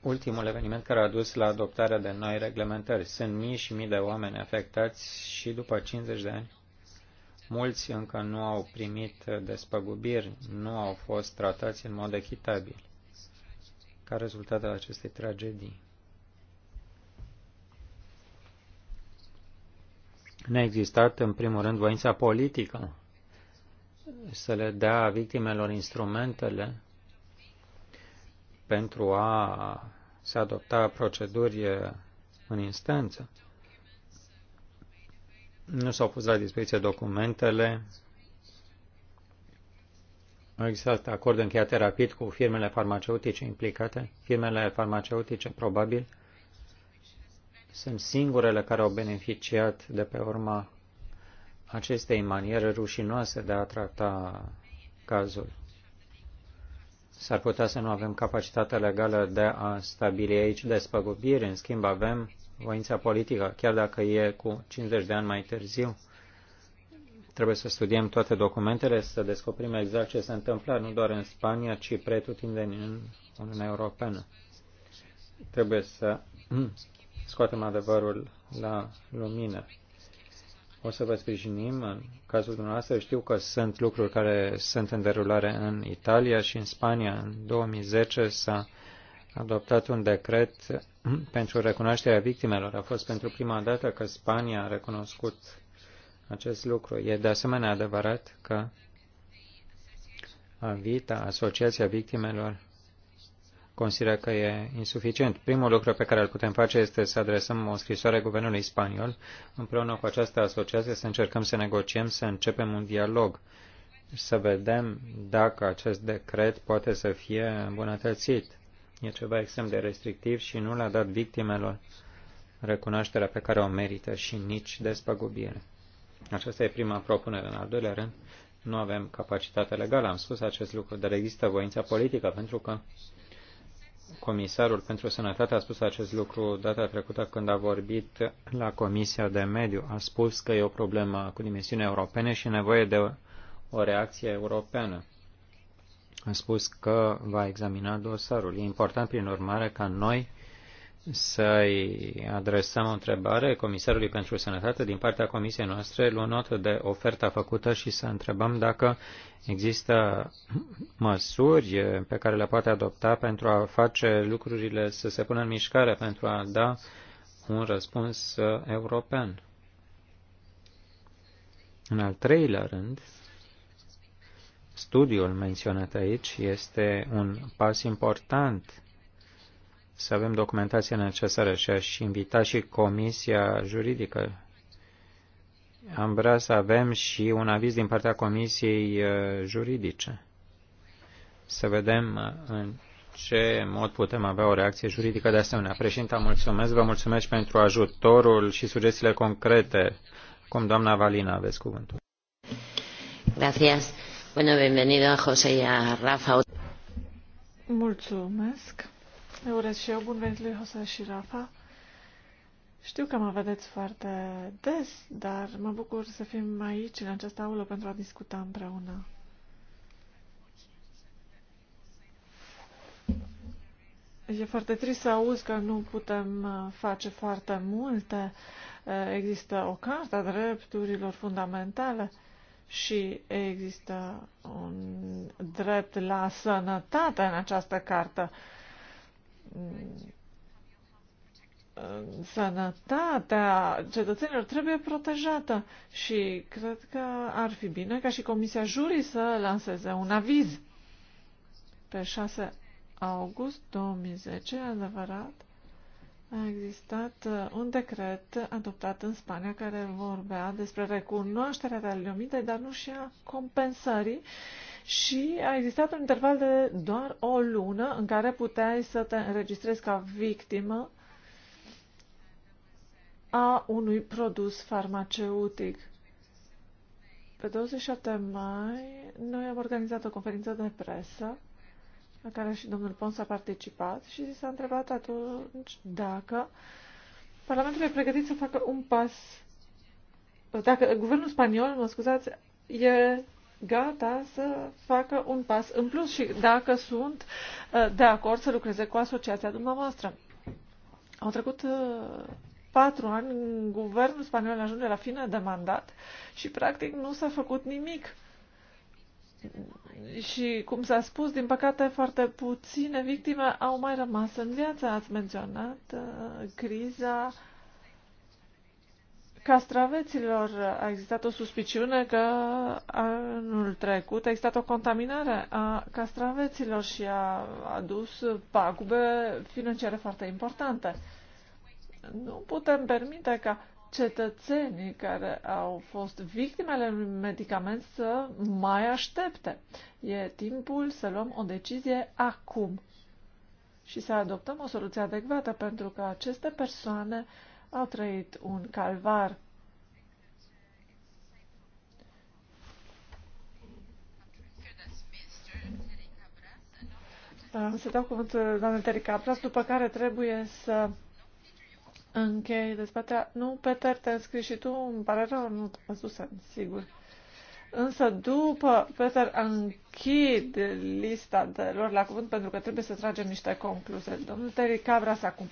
ultimul eveniment care a dus la adoptarea de noi reglementări. Sunt mii și mii de oameni afectați și după 50 de ani. Mulți încă nu au primit despăgubiri, nu au fost tratați în mod echitabil. Ca rezultat al acestei tragedii. N-a existat, în primul rând, voința politică să le dea victimelor instrumentele pentru a se adopta proceduri în instanță. Nu s-au pus la dispoziție documentele. Au existat acord încheiate rapid cu firmele farmaceutice implicate. Firmele farmaceutice, probabil, sunt singurele care au beneficiat de pe urma acestei maniere rușinoase de a trata cazul. S-ar putea să nu avem capacitatea legală de a stabili aici despăgubiri, în schimb avem voința politică, chiar dacă e cu 50 de ani mai târziu. Trebuie să studiem toate documentele, să descoperim exact ce s-a întâmplat, nu doar în Spania, ci pretutindeni în Uniunea Europeană. Trebuie să scoatem adevărul la lumină. O să vă sprijinim în cazul dumneavoastră. Știu că sunt lucruri care sunt în derulare în Italia și în Spania. În 2010 s-a adoptat un decret pentru recunoașterea victimelor. A fost pentru prima dată că Spania a recunoscut acest lucru. E de asemenea adevărat că AVITA, Asociația Victimelor consideră că e insuficient. Primul lucru pe care îl putem face este să adresăm o scrisoare guvernului spaniol împreună cu această asociație să încercăm să negociem, să începem un dialog să vedem dacă acest decret poate să fie îmbunătățit. E ceva extrem de restrictiv și nu l-a dat victimelor recunoașterea pe care o merită și nici despăgubire. Aceasta e prima propunere. În al doilea rând, nu avem capacitate legală, am spus acest lucru, dar există voința politică, pentru că comisarul pentru sănătate a spus acest lucru data trecută când a vorbit la Comisia de Mediu. A spus că e o problemă cu dimensiune europene și nevoie de o reacție europeană. A spus că va examina dosarul. E important, prin urmare, ca noi să-i adresăm o întrebare Comisarului pentru Sănătate din partea Comisiei noastre, luând notă de oferta făcută și să întrebăm dacă există măsuri pe care le poate adopta pentru a face lucrurile să se pună în mișcare, pentru a da un răspuns european. În al treilea rând, studiul menționat aici este un pas important să avem documentația necesară și aș invita și comisia juridică. Am vrea să avem și un aviz din partea comisiei uh, juridice. Să vedem uh, în ce mod putem avea o reacție juridică de asemenea. Președinte, mulțumesc, vă mulțumesc pentru ajutorul și sugestiile concrete. Cum doamna Valina, aveți cuvântul. Gracias. Bueno, bienvenido a José y a Rafa. Mulțumesc. Eu urez și eu bun venit lui Hosea și Rafa. Știu că mă vedeți foarte des, dar mă bucur să fim aici, în această aulă, pentru a discuta împreună. E foarte trist să auzi că nu putem uh, face foarte multe. Uh, există o carte a drepturilor fundamentale și există un drept la sănătate în această carte. Mm. sănătatea cetățenilor trebuie protejată și cred că ar fi bine ca și Comisia Jurii să lanseze un aviz. Pe 6 august 2010, adevărat, a existat uh, un decret adoptat în Spania care vorbea despre recunoașterea realiomitei, dar nu și a compensării și a existat un interval de doar o lună în care puteai să te înregistrezi ca victimă a unui produs farmaceutic. Pe 27 mai, noi am organizat o conferință de presă la care și domnul Pons a participat și s-a întrebat atunci dacă Parlamentul e pregătit să facă un pas, dacă guvernul spaniol, mă scuzați, e gata să facă un pas în plus și dacă sunt uh, de acord să lucreze cu asociația dumneavoastră. Au trecut uh, patru ani, guvernul spaniol ajunge la fine de mandat și practic nu s-a făcut nimic și, cum s-a spus, din păcate, foarte puține victime au mai rămas în viață. Ați menționat uh, criza castraveților. A existat o suspiciune că anul trecut a existat o contaminare a castraveților și a adus pagube financiare foarte importante. Nu putem permite ca cetățenii care au fost victimele unui medicament să mai aștepte. E timpul să luăm o decizie acum și să adoptăm o soluție adecvată pentru că aceste persoane au trăit un calvar. Să dau cuvântul doamnei Terica Pras, după care trebuie să Închei dezbaterea. Nu, Peter, te-ai înscris și tu, îmi pare rău, nu te sigur. Însă după Peter închid lista de lor la cuvânt pentru că trebuie să tragem niște concluzii. Domnul Terry Cabras acum.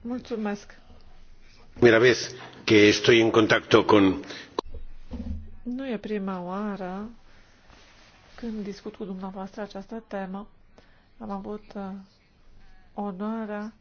Mulțumesc. Mira, vezi că estoy în contact cu. Nu e prima oară când discut cu dumneavoastră această temă. Am avut uh, onoarea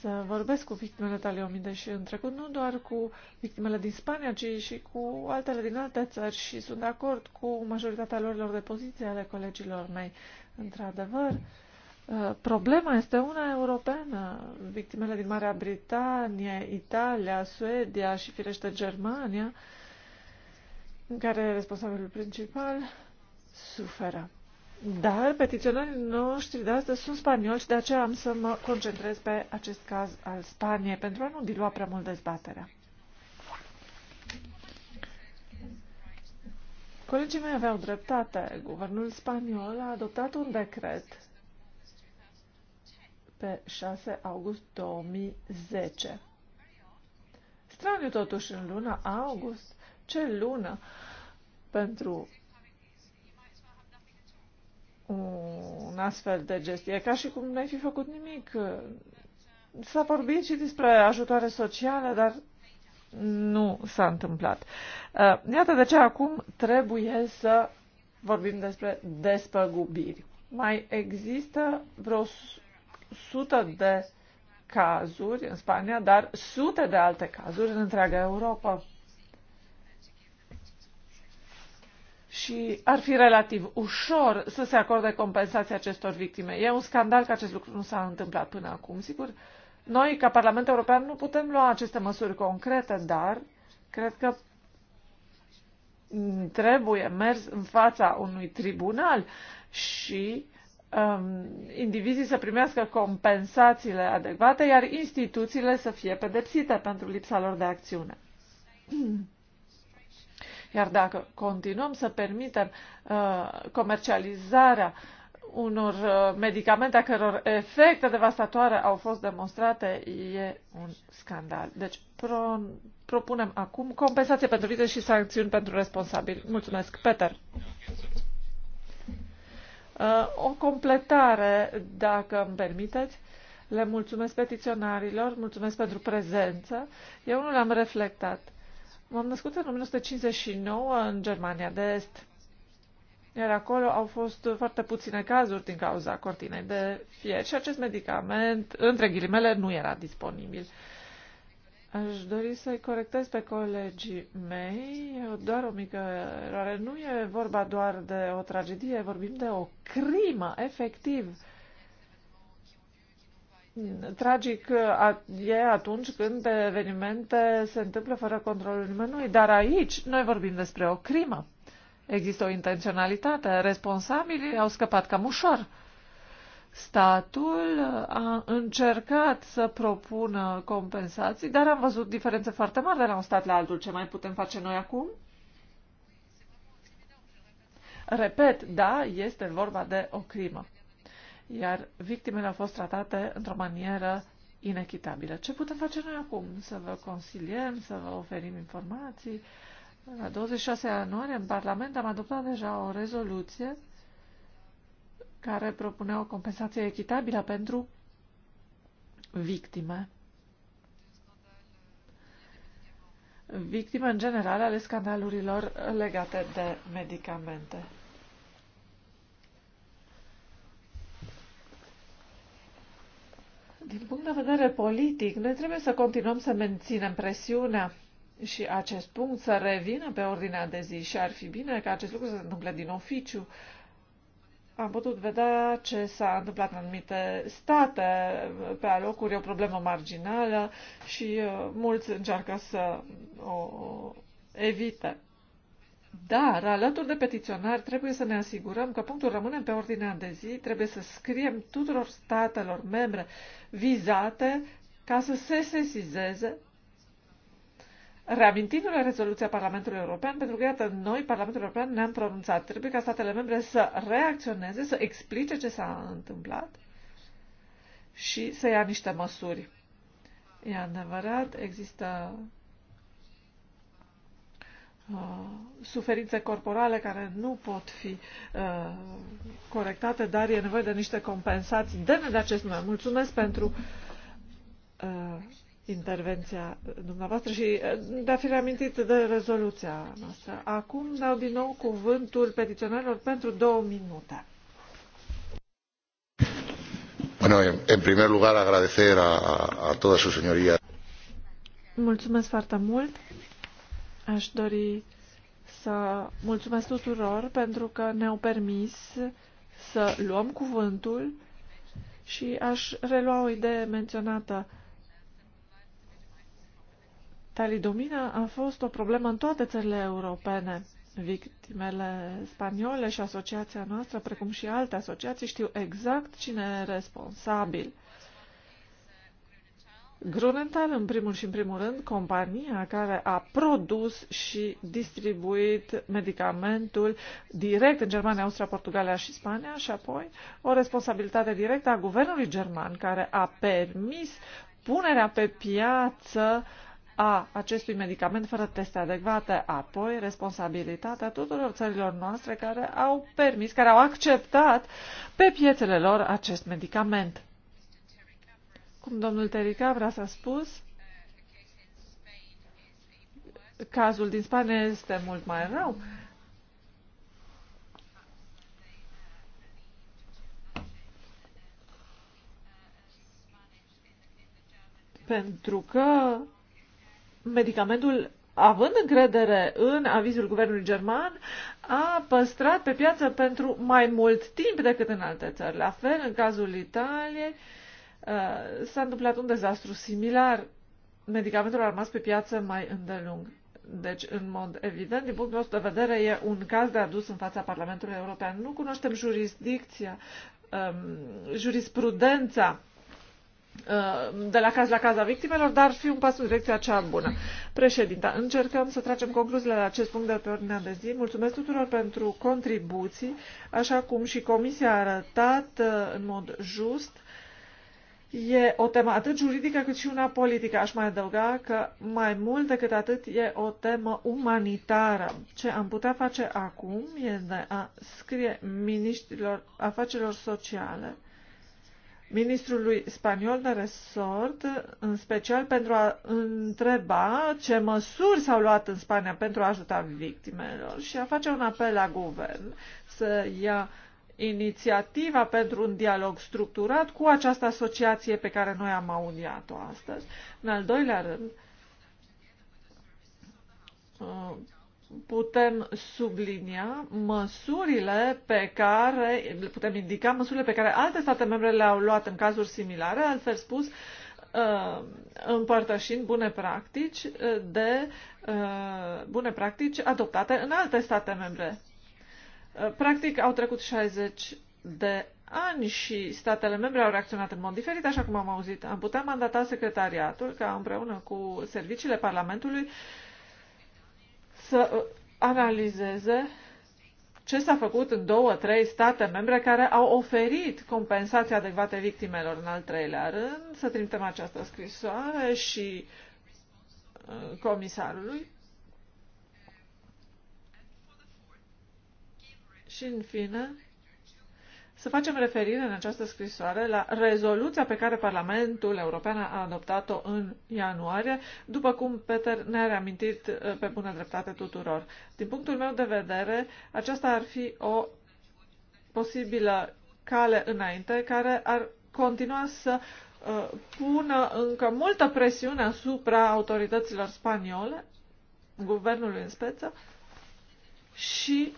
să vorbesc cu victimele taliomide și în trecut, nu doar cu victimele din Spania, ci și cu altele din alte țări și sunt de acord cu majoritatea lor de poziție ale colegilor mei. Într-adevăr, uh, problema este una europeană. Victimele din Marea Britanie, Italia, Suedia și firește Germania, în care responsabilul principal suferă. Dar petiționarii noștri de astăzi sunt spanioli și de aceea am să mă concentrez pe acest caz al Spaniei, pentru a nu dilua prea mult dezbaterea. Colegii mei aveau dreptate. Guvernul spaniol a adoptat un decret pe 6 august 2010. Straniu totuși în luna august, ce lună pentru un astfel de gest. E ca și cum n-ai fi făcut nimic. S-a vorbit și despre ajutoare sociale, dar nu s-a întâmplat. Uh, iată de ce acum trebuie să vorbim despre despăgubiri. Mai există vreo sută de cazuri în Spania, dar sute de alte cazuri în întreaga Europa. și ar fi relativ ușor să se acorde compensații acestor victime. E un scandal că acest lucru nu s-a întâmplat până acum, sigur. Noi, ca Parlament European, nu putem lua aceste măsuri concrete, dar cred că trebuie mers în fața unui tribunal și um, indivizii să primească compensațiile adecvate, iar instituțiile să fie pedepsite pentru lipsa lor de acțiune. Iar dacă continuăm să permitem uh, comercializarea unor uh, medicamente a căror efecte devastatoare au fost demonstrate, e un scandal. Deci pro- propunem acum compensație pentru vite și sancțiuni pentru responsabili. Mulțumesc, Peter. Uh, o completare, dacă îmi permiteți. Le mulțumesc petiționarilor, mulțumesc pentru prezență. Eu nu l-am reflectat M-am născut în 1959 în Germania de Est, iar acolo au fost foarte puține cazuri din cauza cortinei de fier și acest medicament, între ghilimele, nu era disponibil. Aș dori să-i corectez pe colegii mei, doar o mică eroare. Nu e vorba doar de o tragedie, vorbim de o crimă, efectiv. Tragic e atunci când evenimente se întâmplă fără controlul nimănui, dar aici noi vorbim despre o crimă. Există o intenționalitate. Responsabilii au scăpat cam ușor. Statul a încercat să propună compensații, dar am văzut diferențe foarte mari de la un stat la altul. Ce mai putem face noi acum? Repet, da, este vorba de o crimă iar victimele au fost tratate într-o manieră inechitabilă. Ce putem face noi acum? Să vă consiliem, să vă oferim informații? La 26 ianuarie, în Parlament, am adoptat deja o rezoluție care propunea o compensație echitabilă pentru victime. Victime, în general, ale scandalurilor legate de medicamente. Din punct de vedere politic, noi trebuie să continuăm să menținem presiunea și acest punct să revină pe ordinea de zi și ar fi bine ca acest lucru să se întâmple din oficiu. Am putut vedea ce s-a întâmplat în anumite state, pe alocuri e o problemă marginală și uh, mulți încearcă să o evite. Dar, alături de petiționari, trebuie să ne asigurăm că punctul rămâne pe ordinea de zi, trebuie să scriem tuturor statelor membre vizate ca să se sesizeze reamintindu-le rezoluția Parlamentului European, pentru că, iată, noi, Parlamentul European, ne-am pronunțat. Trebuie ca statele membre să reacționeze, să explice ce s-a întâmplat și să ia niște măsuri. E adevărat, există Uh, suferințe corporale care nu pot fi uh, corectate, dar e nevoie de niște compensații. Dă-ne de acest moment. Mulțumesc pentru uh, intervenția dumneavoastră și de a fi reamintit de rezoluția noastră. Acum dau din nou cuvântul petiționarilor pentru două minute. Bueno, en, en primer lugar agradecer a, a toda su señoría. Mulțumesc foarte mult. Aș dori să mulțumesc tuturor pentru că ne-au permis să luăm cuvântul și aș relua o idee menționată. Talidomina a fost o problemă în toate țările europene. Victimele spaniole și asociația noastră, precum și alte asociații, știu exact cine e responsabil Grunenthal, în primul și în primul rând, compania care a produs și distribuit medicamentul direct în Germania, Austria, Portugalia și Spania și apoi o responsabilitate directă a guvernului german care a permis punerea pe piață a acestui medicament fără teste adecvate, apoi responsabilitatea tuturor țărilor noastre care au permis, care au acceptat pe piețele lor acest medicament. Cum domnul Terica vrea să a spus, cazul din Spania este mult mai rău. Pentru că medicamentul, având încredere în avizul guvernului german, a păstrat pe piață pentru mai mult timp decât în alte țări. La fel, în cazul Italiei, uh, Uh, s-a întâmplat un dezastru similar. Medicamentul a rămas pe piață mai îndelung. Deci, în mod evident, din punctul nostru de vedere, e un caz de adus în fața Parlamentului European. Nu cunoaștem jurisdicția, um, jurisprudența uh, de la caz la caz a victimelor, dar fi un pas în direcția cea bună. Președinta, încercăm să tragem concluziile la acest punct de pe ordinea de zi. Mulțumesc tuturor pentru contribuții, așa cum și Comisia a arătat uh, în mod just E o temă atât juridică cât și una politică. Aș mai adăuga că mai mult decât atât e o temă umanitară. Ce am putea face acum e de a scrie ministrilor afacerilor sociale, ministrului spaniol de resort, în special pentru a întreba ce măsuri s-au luat în Spania pentru a ajuta victimelor și a face un apel la guvern să ia inițiativa pentru un dialog structurat cu această asociație pe care noi am audiat-o astăzi. În al doilea rând, putem sublinia măsurile pe care, putem indica măsurile pe care alte state membre le-au luat în cazuri similare, altfel spus, uh, împărtășind bune practici uh, de uh, bune practici adoptate în alte state membre. Uh, practic au trecut 60 de ani și statele membre au reacționat în mod diferit, așa cum am auzit. Am putea mandata secretariatul ca împreună cu serviciile Parlamentului să uh, analizeze ce s-a făcut în două, trei state membre care au oferit compensații adecvate victimelor în al treilea rând, să trimitem această scrisoare și uh, comisarului Și, în fine, să facem referire în această scrisoare la rezoluția pe care Parlamentul European a adoptat-o în ianuarie, după cum Peter ne-a reamintit uh, pe bună dreptate tuturor. Din punctul meu de vedere, aceasta ar fi o posibilă cale înainte care ar continua să uh, pună încă multă presiune asupra autorităților spaniole, guvernului în speță, și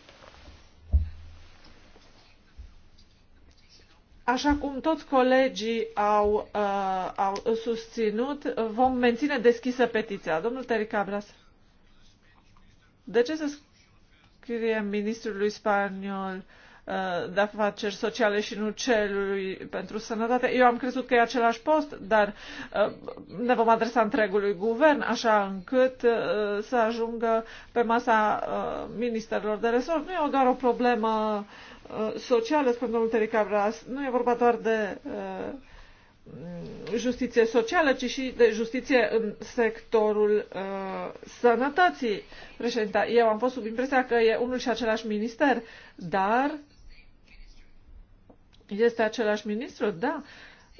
Așa cum toți colegii au, uh, au susținut, vom menține deschisă petiția. Domnul Terry Cabras, de ce să scrie ministrului spaniol uh, de afaceri sociale și nu celui pentru sănătate? Eu am crezut că e același post, dar uh, ne vom adresa întregului guvern, așa încât uh, să ajungă pe masa uh, ministerilor de resort. Nu e doar o problemă uh, Uh, socială, spune domnul Tericabras. Nu e vorba doar de uh, justiție socială, ci și de justiție în sectorul uh, sănătății. Președinte, eu am fost sub impresia că e unul și același minister, dar este același ministru, da.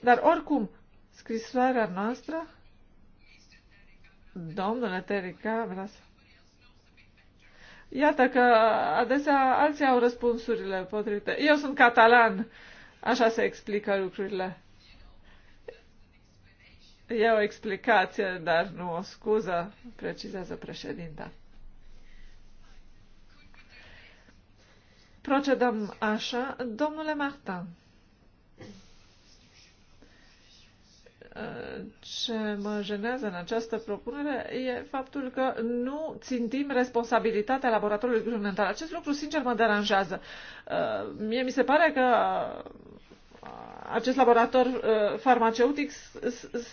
Dar oricum, scrisoarea noastră, domnule Terica, vreau Iată că adesea alții au răspunsurile potrivite. Eu sunt catalan, așa se explică lucrurile. E o explicație, dar nu o scuză, precizează președinta. Procedăm așa, domnule Martin. ce mă jenează în această propunere e faptul că nu țintim responsabilitatea laboratorului Grunental. Acest lucru, sincer, mă deranjează. Uh, mie mi se pare că uh, acest laborator uh, farmaceutic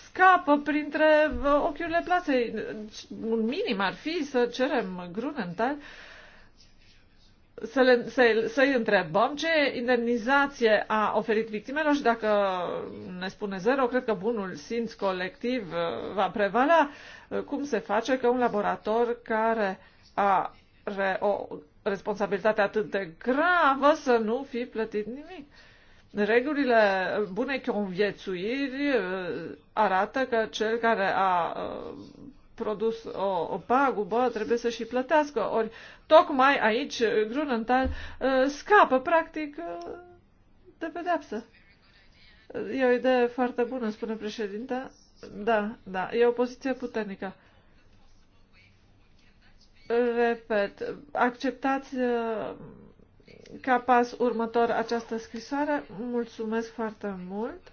scapă printre ochiurile plasei. Deci, un minim ar fi să cerem Grunental. uh, să, le, să, să întrebăm ce indemnizație a oferit victimelor și dacă ne spune zero, cred că bunul simț colectiv uh, va prevala. Uh, cum se face că un laborator care are o responsabilitate atât de gravă să nu fi plătit nimic? Regulile bunei conviețuiri uh, arată că cel care a produs o, o pagubă, trebuie să și plătească. Ori, tocmai aici, Grunenthal uh, scapă, practic, uh, de pedeapsă. E o idee foarte bună, spune președinta. Da, da, e o poziție puternică. Repet, acceptați uh, ca pas următor această scrisoare. Mulțumesc foarte mult.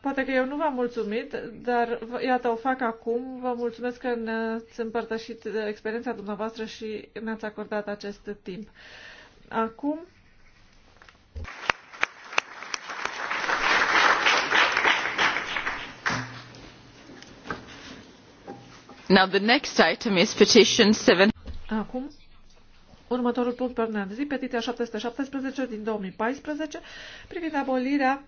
Poate că eu nu v-am mulțumit, dar iată, o fac acum. Vă mulțumesc că ne-ați împărtășit experiența dumneavoastră și ne-ați acordat acest timp. Acum... Now the next item is petition 7. Acum, următorul punct pe ordinea de zi, petiția 717 din 2014, privind abolirea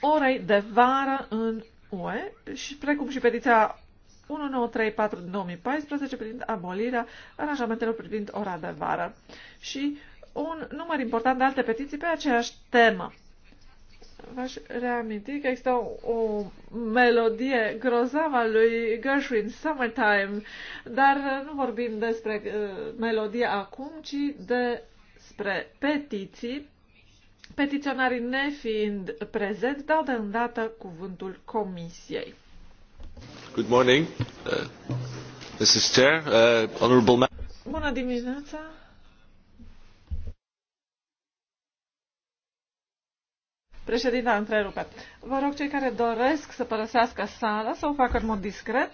orei de vară în UE, și precum și petiția 1934 din 2014 privind abolirea aranjamentelor privind ora de vară și un număr important de alte petiții pe aceeași temă. V-aș reaminti că există o, o melodie grozavă a lui Gershwin, Summertime, dar nu vorbim despre uh, melodie acum, ci despre petiții Petiționarii nefiind prezenți, dau de îndată cuvântul Comisiei. Good morning, uh, Mrs. Chair, uh, honorable Bună dimineața, Președinta întrerupe. Vă rog cei care doresc să părăsească sala să o facă în mod discret,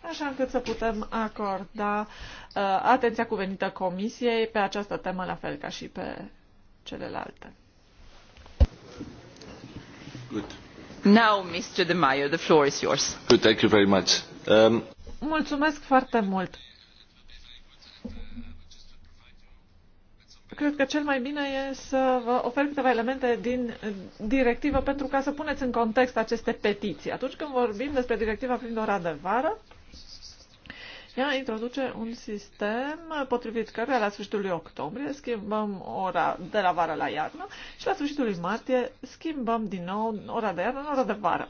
așa încât să putem acorda uh, atenția cuvenită comisiei pe această temă, la fel ca și pe celelalte. Now, Mr. De Maio, the floor is yours. Um, Mulțumesc foarte mult. Cred că cel mai bine e să vă ofer câteva elemente din directivă pentru ca să puneți în context aceste petiții. Atunci când vorbim despre directiva privind ora de vară, ea introduce un sistem potrivit căruia la sfârșitul lui octombrie schimbăm ora de la vară la iarnă și la sfârșitul lui martie schimbăm din nou ora de iarnă în ora de vară.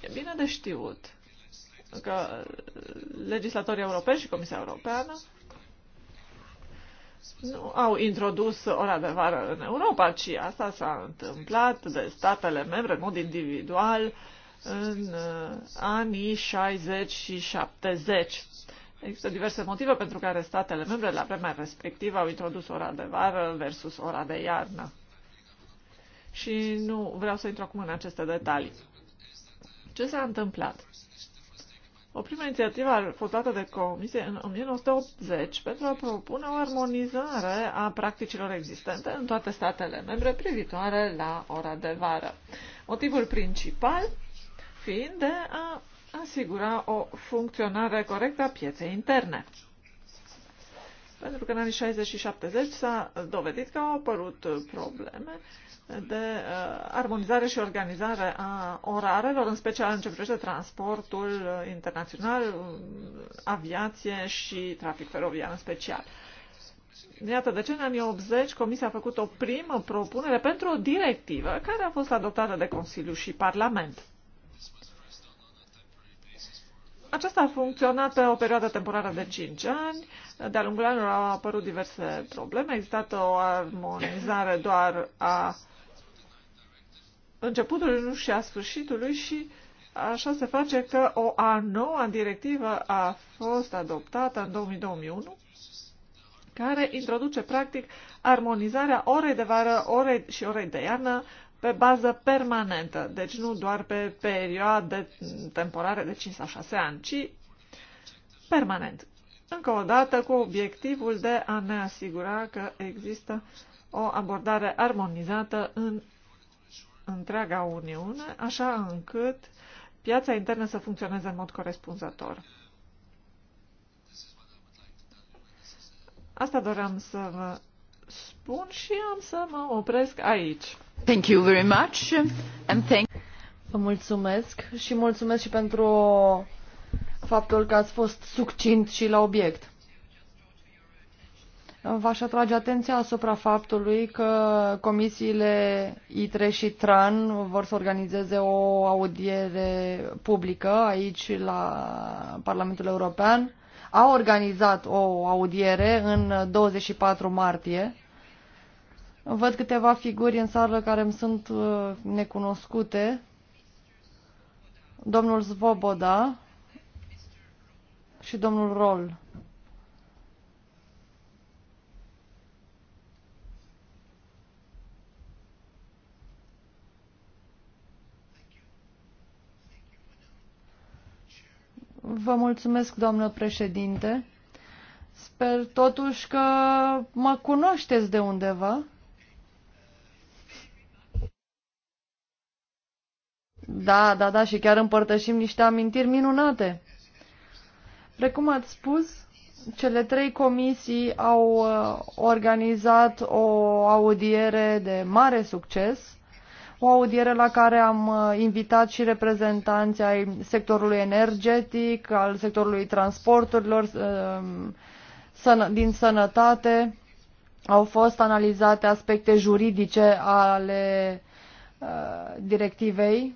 E bine de știut că legislatorii europeni și Comisia Europeană nu au introdus ora de vară în Europa, ci asta s-a întâmplat de statele membre în mod individual uh, în uh, anii 60 și 70. Există diverse motive pentru care statele membre la vremea respectivă au introdus ora de vară versus ora de iarnă. Și nu vreau să intru acum în aceste detalii. Ce s-a întâmplat? O primă inițiativă a fost dată de Comisie în 1980 pentru a propune o armonizare a practicilor existente în toate statele membre privitoare la ora de vară. Motivul principal fiind de a asigura o funcționare corectă a pieței interne. Pentru că în anii 60 și 70 s-a dovedit că au apărut probleme de uh, armonizare și organizare a orarelor, în special în ce privește transportul uh, internațional, uh, aviație și trafic feroviar în special. Iată de ce în anii 80 Comisia a făcut o primă propunere pentru o directivă care a fost adoptată de Consiliu și Parlament. Aceasta a funcționat pe o perioadă temporară de 5 ani. De-a lungul anilor au apărut diverse probleme. A existat o armonizare doar a începutului, nu și a sfârșitului și așa se face că o a noua directivă a fost adoptată în 2001 care introduce practic armonizarea orei de vară, orei și orei de iarnă, pe bază permanentă, deci nu doar pe perioade temporare de 5 sau 6 ani, ci permanent. Încă o dată cu obiectivul de a ne asigura că există o abordare armonizată în întreaga Uniune, așa încât piața internă să funcționeze în mod corespunzător. Asta doream să vă Bun, și am să mă opresc aici. Thank you very much and thank Vă mulțumesc și mulțumesc și pentru faptul că ați fost succint și la obiect. V-aș atrage atenția asupra faptului că comisiile ITRE și TRAN vor să organizeze o audiere publică aici la Parlamentul European. Au organizat o audiere în 24 martie Văd câteva figuri în sală care îmi sunt uh, necunoscute. Domnul Zvoboda și domnul Rol. Vă mulțumesc, doamnă președinte. Sper totuși că mă cunoașteți de undeva. Da, da, da, și chiar împărtășim niște amintiri minunate. Precum ați spus, cele trei comisii au uh, organizat o audiere de mare succes, o audiere la care am uh, invitat și reprezentanții ai sectorului energetic, al sectorului transporturilor, uh, din sănătate. Au fost analizate aspecte juridice ale directivei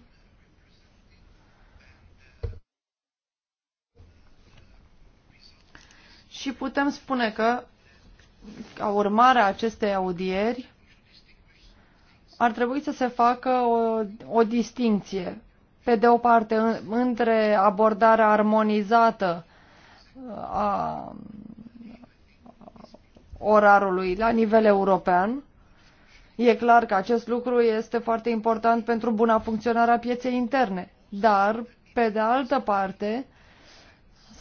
și putem spune că, ca urmare a acestei audieri, ar trebui să se facă o, o distinție, pe de o parte, între abordarea armonizată uh, a orarului la nivel european. E clar că acest lucru este foarte important pentru buna funcționare a pieței interne, dar, pe de altă parte,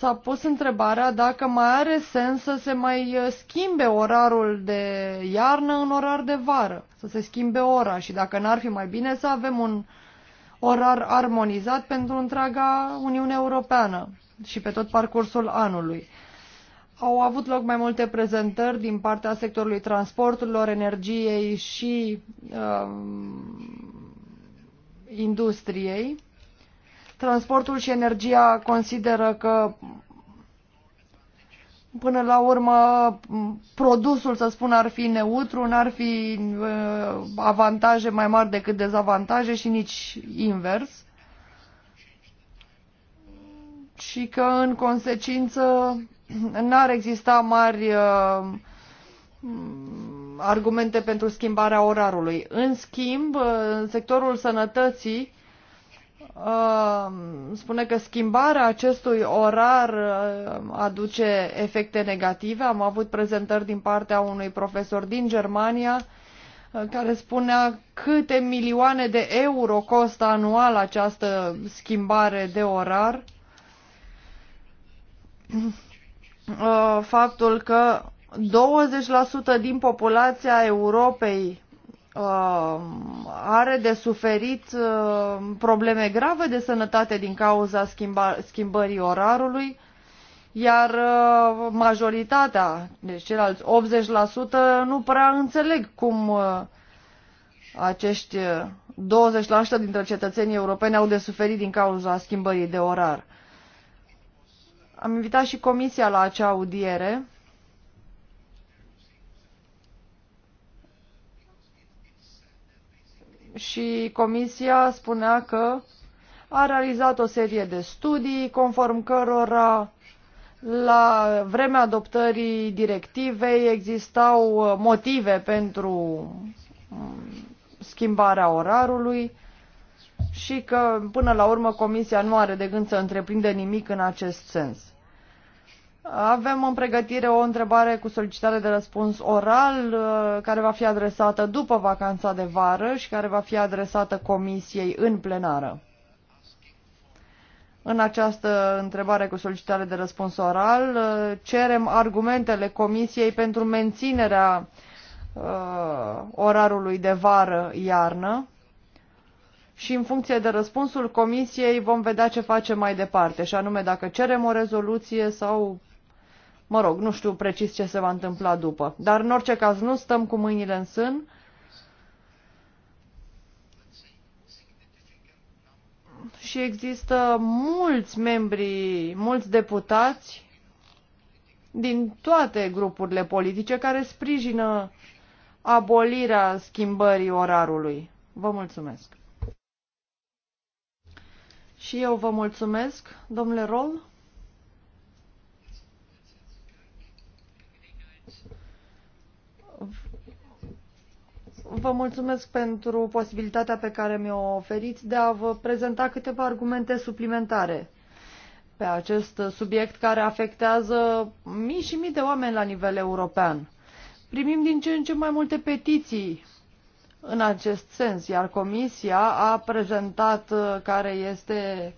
s-a pus întrebarea dacă mai are sens să se mai uh, schimbe orarul de iarnă în orar de vară, să se schimbe ora și dacă n-ar fi mai bine să avem un orar armonizat pentru întreaga Uniune Europeană și pe tot parcursul anului. Au avut loc mai multe prezentări din partea sectorului transporturilor, energiei și um, industriei Transportul și energia consideră că până la urmă produsul, să spun, ar fi neutru, n-ar fi uh, avantaje mai mari decât dezavantaje și nici invers. Și că, în consecință, n-ar exista mari uh, argumente pentru schimbarea orarului. În schimb, în uh, sectorul sănătății, Uh, spune că schimbarea acestui orar uh, aduce efecte negative. Am avut prezentări din partea unui profesor din Germania uh, care spunea câte milioane de euro costă anual această schimbare de orar. Faptul că 20% din populația Europei uh, are de suferit uh, probleme grave de sănătate din cauza schimba, schimbării orarului, iar uh, majoritatea, deci ceilalți 80%, nu prea înțeleg cum uh, acești uh, 20% dintre cetățenii europeni au de suferit din cauza schimbării de orar. Am invitat și comisia la acea audiere și comisia spunea că a realizat o serie de studii conform cărora la vremea adoptării directivei existau uh, motive pentru um, schimbarea orarului și că până la urmă comisia nu are de gând să întreprinde nimic în acest sens. Avem în pregătire o întrebare cu solicitare de răspuns oral uh, care va fi adresată după vacanța de vară și care va fi adresată comisiei în plenară. În această întrebare cu solicitare de răspuns oral uh, cerem argumentele comisiei pentru menținerea uh, orarului de vară-iarnă și în funcție de răspunsul comisiei vom vedea ce facem mai departe, și anume dacă cerem o rezoluție sau Mă rog, nu știu precis ce se va întâmpla după. Dar în orice caz nu stăm cu mâinile în sân. Și există mulți membri, mulți deputați din toate grupurile politice care sprijină abolirea schimbării orarului. Vă mulțumesc. Și eu vă mulțumesc, domnule Rol. Vă mulțumesc pentru posibilitatea pe care mi-o oferiți de a vă prezenta câteva argumente suplimentare pe acest subiect care afectează mii și mii de oameni la nivel european. Primim din ce în ce mai multe petiții în acest sens, iar Comisia a prezentat uh, care este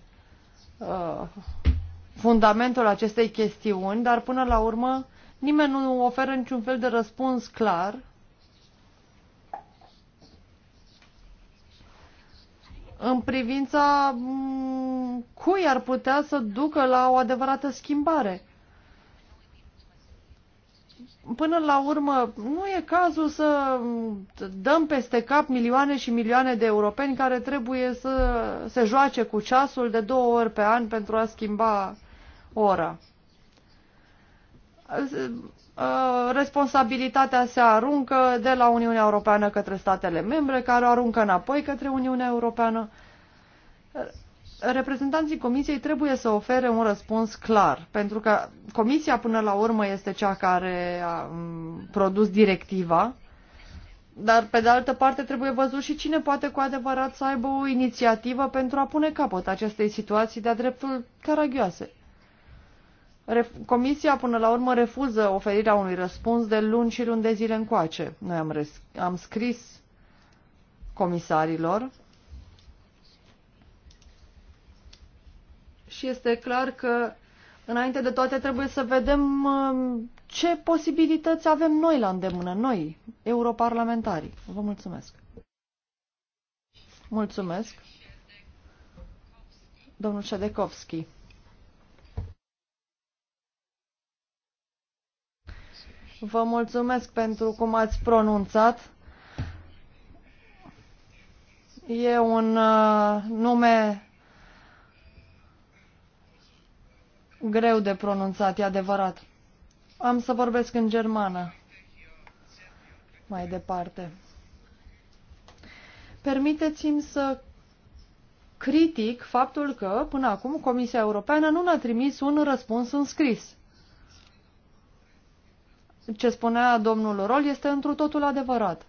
uh, fundamentul acestei chestiuni, dar până la urmă nimeni nu oferă niciun fel de răspuns clar în privința mm, cui ar putea să ducă la o adevărată schimbare. Până la urmă, nu e cazul să dăm peste cap milioane și milioane de europeni care trebuie să se joace cu ceasul de două ori pe an pentru a schimba ora Uh, responsabilitatea se aruncă de la Uniunea Europeană către statele membre, care o aruncă înapoi către Uniunea Europeană. Uh, reprezentanții Comisiei trebuie să ofere un răspuns clar, pentru că Comisia până la urmă este cea care a um, produs directiva, dar pe de altă parte trebuie văzut și cine poate cu adevărat să aibă o inițiativă pentru a pune capăt acestei situații de-a dreptul caragioase. Comisia până la urmă refuză oferirea unui răspuns de luni și luni de zile încoace. Noi am, am scris comisarilor și este clar că înainte de toate trebuie să vedem uh, ce posibilități avem noi la îndemână, noi, europarlamentarii. Vă mulțumesc. Mulțumesc. Domnul Ședekovski. Vă mulțumesc pentru cum ați pronunțat. E un uh, nume greu de pronunțat, e adevărat. Am să vorbesc în germană. Mai departe. Permiteți-mi să critic faptul că, până acum, Comisia Europeană nu ne-a trimis un răspuns în scris ce spunea domnul Rol este întru totul adevărat.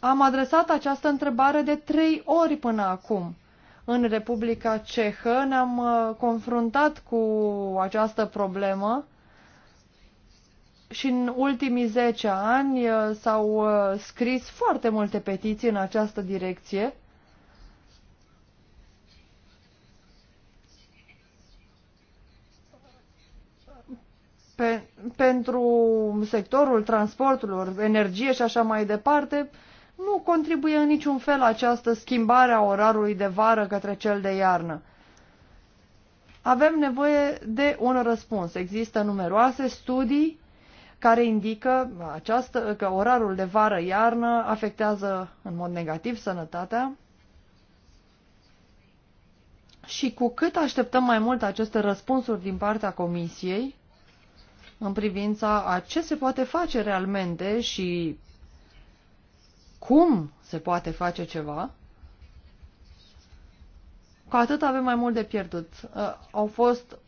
Am adresat această întrebare de trei ori până acum. În Republica Cehă ne-am uh, confruntat cu această problemă și în ultimii 10 ani uh, s-au uh, scris foarte multe petiții în această direcție pe, pentru sectorul transporturilor, energie și așa mai departe, nu contribuie în niciun fel această schimbare a orarului de vară către cel de iarnă. Avem nevoie de un răspuns. Există numeroase studii care indică această, că orarul de vară-iarnă afectează în mod negativ sănătatea. Și cu cât așteptăm mai mult aceste răspunsuri din partea Comisiei, în privința a ce se poate face realmente și cum se poate face ceva, cu atât avem mai mult de pierdut. Uh, au fost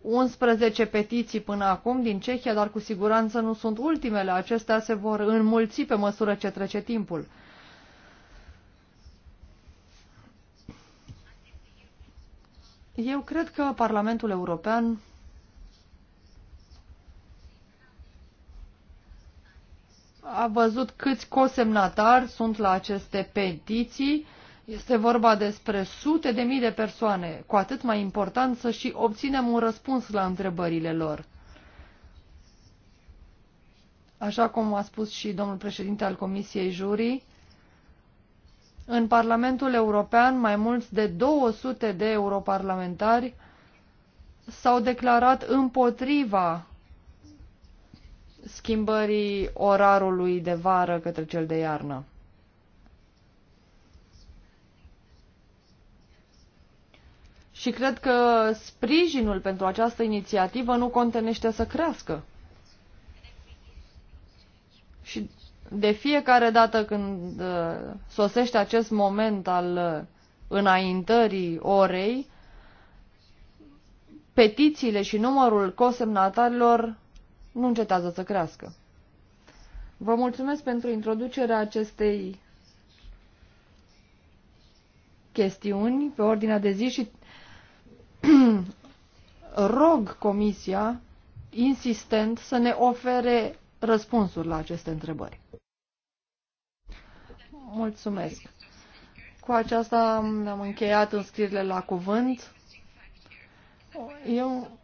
11 petiții până acum din Cehia, dar cu siguranță nu sunt ultimele. Acestea se vor înmulți pe măsură ce trece timpul. Eu cred că Parlamentul European a văzut câți cosemnatari sunt la aceste petiții. Este vorba despre sute de mii de persoane, cu atât mai important să și obținem un răspuns la întrebările lor. Așa cum a spus și domnul președinte al Comisiei Jurii, în Parlamentul European mai mulți de 200 de europarlamentari s-au declarat împotriva schimbării orarului de vară către cel de iarnă. Și cred că sprijinul pentru această inițiativă nu contenește să crească. Și de fiecare dată când uh, sosește acest moment al uh, înaintării orei, petițiile și numărul cosemnatarilor nu încetează să crească. Vă mulțumesc pentru introducerea acestei chestiuni pe ordinea de zi și rog Comisia insistent să ne ofere răspunsuri la aceste întrebări. Mulțumesc. Cu aceasta am încheiat înscrierile la cuvânt. Eu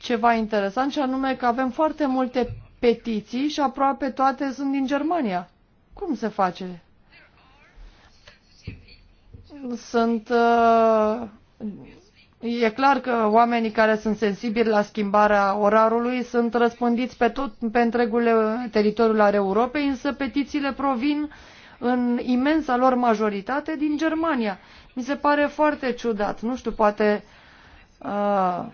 ceva interesant și anume că avem foarte multe petiții și aproape toate sunt din Germania. Cum se face? Sunt... Uh, e clar că oamenii care sunt sensibili la schimbarea orarului sunt răspândiți pe tot, pe întregul uh, teritoriul al Europei, însă petițiile provin în imensa lor majoritate din Germania. Mi se pare foarte ciudat. Nu știu, poate... Uh,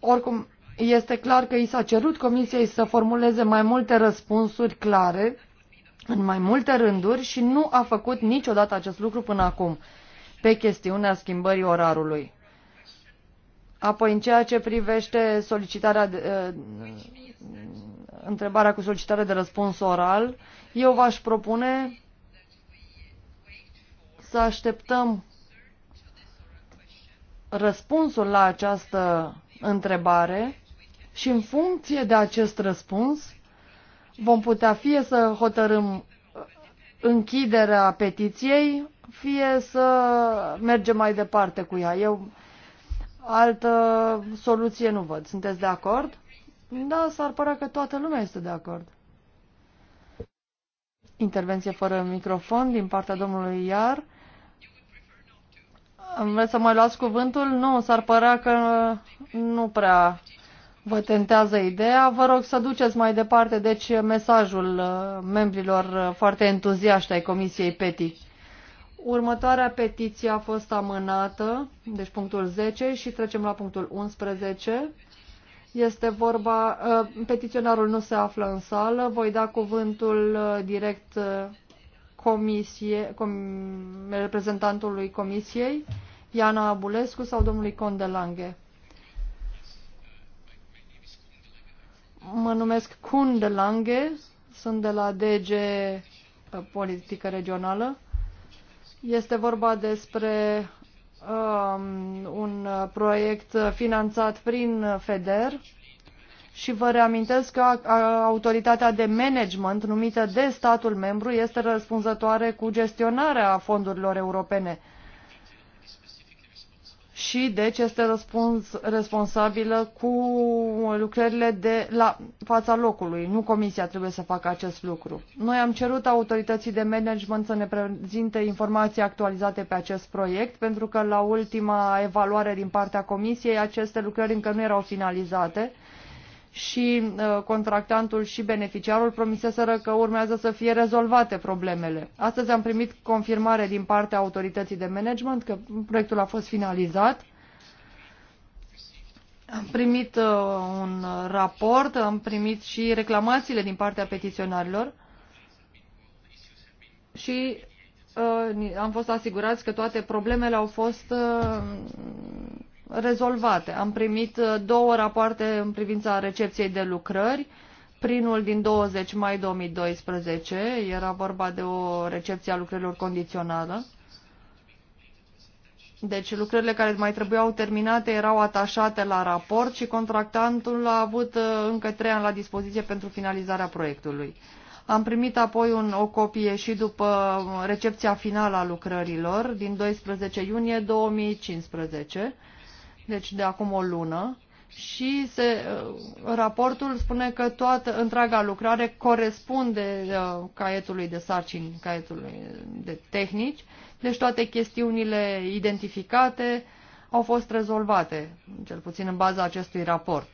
oricum, este clar că i s-a cerut Comisiei să formuleze mai multe răspunsuri clare, în mai multe rânduri, și nu a făcut niciodată acest lucru până acum, pe chestiunea schimbării orarului. Apoi, în ceea ce privește solicitarea de, eh, întrebarea cu solicitare de răspuns oral, eu v-aș propune să așteptăm răspunsul la această întrebare și în funcție de acest răspuns vom putea fie să hotărâm uh, închiderea petiției, fie să mergem mai departe cu ea. Eu altă soluție nu văd. Sunteți de acord? Da, s-ar părea că toată lumea este de acord. Intervenție fără microfon din partea domnului Iar. Vreți să mai luați cuvântul? Nu, s-ar părea că nu prea vă tentează ideea. Vă rog să duceți mai departe, deci, mesajul uh, membrilor uh, foarte entuziaști ai Comisiei PETI. Următoarea petiție a fost amânată, deci punctul 10, și trecem la punctul 11. Este vorba, uh, petiționarul nu se află în sală, voi da cuvântul direct comisie, com, reprezentantului comisiei, Iana Abulescu sau domnului Lange? Mă numesc Lange, sunt de la DG uh, Politică Regională. Este vorba despre um, un uh, proiect finanțat prin FEDER și vă reamintesc că autoritatea de management numită de statul membru este răspunzătoare cu gestionarea fondurilor europene și deci este răspuns, responsabilă cu lucrările de la fața locului. Nu comisia trebuie să facă acest lucru. Noi am cerut autorității de management să ne prezinte informații actualizate pe acest proiect, pentru că la ultima evaluare din partea comisiei aceste lucrări încă nu erau finalizate și uh, contractantul și beneficiarul promiseseră că urmează să fie rezolvate problemele. Astăzi am primit confirmare din partea autorității de management că proiectul a fost finalizat. Am primit uh, un raport, am primit și reclamațiile din partea petiționarilor și uh, am fost asigurați că toate problemele au fost rezolvate. Am primit uh, două rapoarte în privința recepției de lucrări. Primul din 20 mai 2012 era vorba de o recepție a lucrărilor condițională. Deci lucrările care mai trebuiau terminate erau atașate la raport și contractantul a avut uh, încă trei ani la dispoziție pentru finalizarea proiectului. Am primit apoi un, o copie și după uh, recepția finală a lucrărilor din 12 iunie 2015 deci de acum o lună, și se, uh, raportul spune că toată întreaga lucrare corespunde uh, caietului de sarcini, caietului de tehnici, deci toate chestiunile identificate au fost rezolvate, cel puțin în baza acestui raport.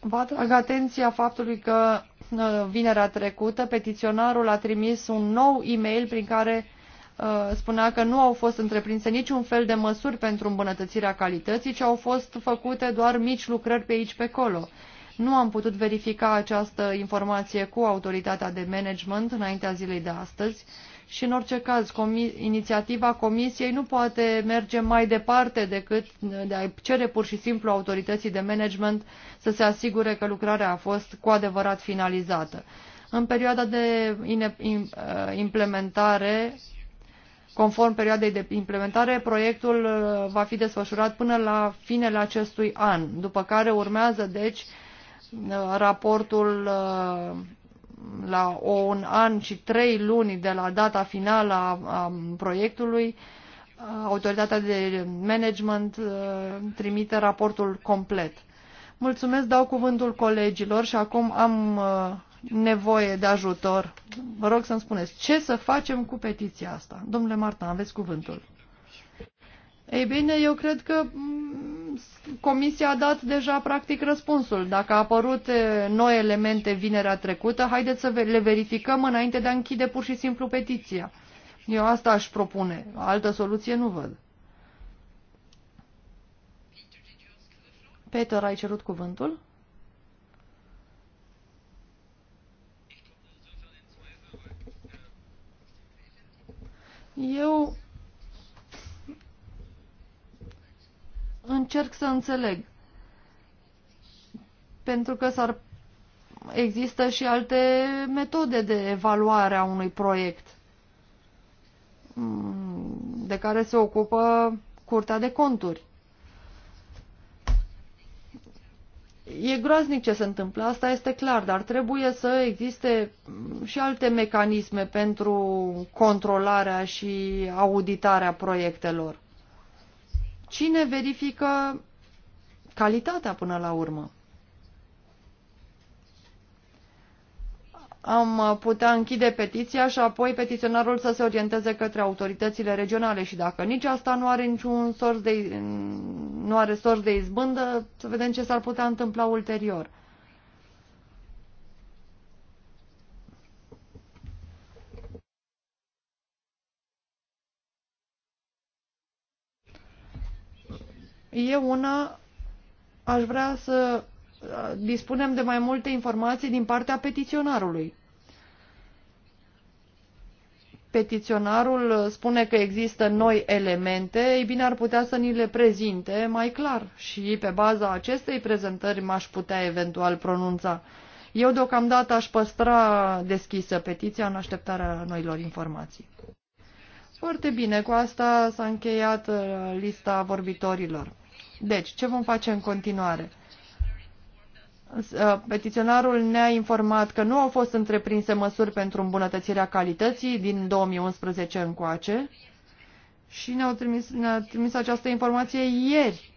Vă atrag atenția faptului că uh, vinerea trecută petiționarul a trimis un nou e-mail prin care Uh, spunea că nu au fost întreprinse niciun fel de măsuri pentru îmbunătățirea calității, ci au fost făcute doar mici lucrări pe aici, pe acolo. Nu am putut verifica această informație cu autoritatea de management înaintea zilei de astăzi și, în orice caz, comi inițiativa Comisiei nu poate merge mai departe decât de a cere pur și simplu autorității de management să se asigure că lucrarea a fost cu adevărat finalizată. În perioada de uh, implementare Conform perioadei de implementare, proiectul uh, va fi desfășurat până la finele acestui an, după care urmează, deci, uh, raportul uh, la un an și trei luni de la data finală a, a proiectului, autoritatea de management trimite raportul complet. Mulțumesc, dau cuvântul colegilor și acum am nevoie de ajutor. Vă rog să-mi spuneți, ce să facem cu petiția asta? Domnule Marta, aveți cuvântul. Ei bine, eu cred că mm, Comisia a dat deja practic răspunsul. Dacă a apărut noi elemente vinerea trecută, haideți să le verificăm înainte de a închide pur și simplu petiția. Eu asta aș propune. Altă soluție nu văd. Peter, ai cerut cuvântul? Eu încerc să înțeleg. Pentru că s-ar există și alte metode de evaluare a unui proiect mm, de care se ocupă Curtea de Conturi. E groaznic ce se întâmplă, asta este clar, dar trebuie să existe și alte mecanisme pentru controlarea și auditarea proiectelor. Cine verifică calitatea până la urmă? am uh, putea închide petiția și apoi petiționarul să se orienteze către autoritățile regionale și dacă nici asta nu are niciun sorț de, nu are sorț de izbândă, să vedem ce s-ar putea întâmpla ulterior. Eu una aș vrea să dispunem de mai multe informații din partea petiționarului. Petiționarul spune că există noi elemente, ei bine ar putea să ni le prezinte mai clar și pe baza acestei prezentări m-aș putea eventual pronunța. Eu deocamdată aș păstra deschisă petiția în așteptarea noilor informații. Foarte bine, cu asta s-a încheiat uh, lista vorbitorilor. Deci, ce vom face în continuare? Uh, petiționarul ne-a informat că nu au fost întreprinse măsuri pentru îmbunătățirea calității din 2011 încoace și ne-a trimis, ne trimis această informație ieri.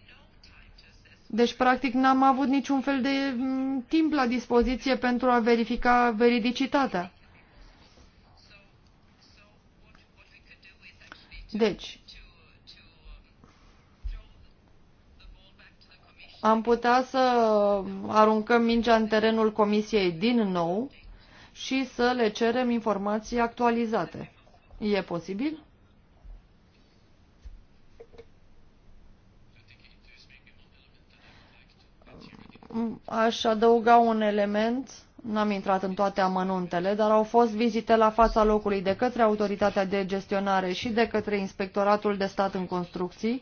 Deci, practic, n-am avut niciun fel de mm, timp la dispoziție pentru a verifica veridicitatea. Deci, am putea să aruncăm mingea în terenul comisiei din nou și să le cerem informații actualizate. E posibil? Aș adăuga un element, n-am intrat în toate amănuntele, dar au fost vizite la fața locului de către Autoritatea de Gestionare și de către Inspectoratul de Stat în Construcții,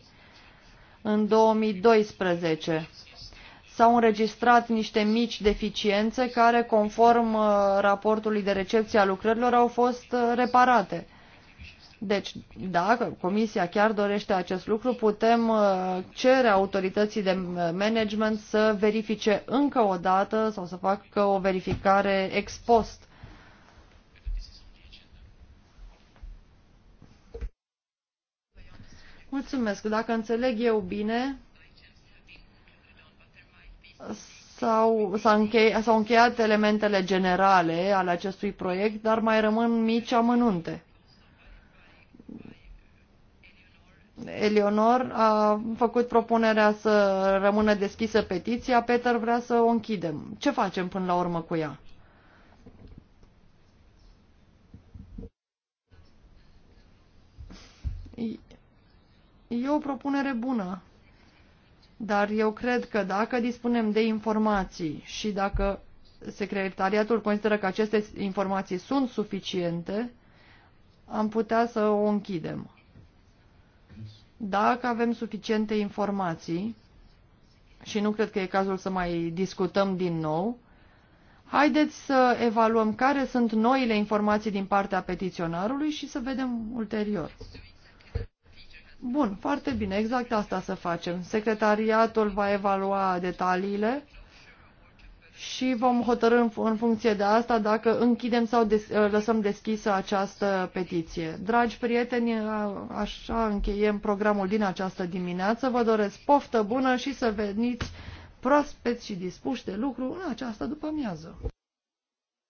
în 2012. S-au înregistrat niște mici deficiențe care, conform uh, raportului de recepție a lucrărilor, au fost uh, reparate. Deci, dacă Comisia chiar dorește acest lucru, putem uh, cere autorității de management să verifice încă o dată sau să facă o verificare ex post Mulțumesc. Dacă înțeleg eu bine, s-au, încheiat, încheiat elementele generale ale acestui proiect, dar mai rămân mici amănunte. Eleonor a făcut propunerea să rămână deschisă petiția, Peter vrea să o închidem. Ce facem până la urmă cu ea? E o propunere bună, dar eu cred că dacă dispunem de informații și dacă secretariatul consideră că aceste informații sunt suficiente, am putea să o închidem. Dacă avem suficiente informații, și nu cred că e cazul să mai discutăm din nou, haideți să evaluăm care sunt noile informații din partea petiționarului și să vedem ulterior. Bun, foarte bine, exact asta să facem. Secretariatul va evalua detaliile și vom hotărâ în, funcție de asta dacă închidem sau des, ă, lăsăm deschisă această petiție. Dragi prieteni, așa încheiem programul din această dimineață. Vă doresc poftă bună și să veniți proaspeți și dispuși de lucru în această după-amiază.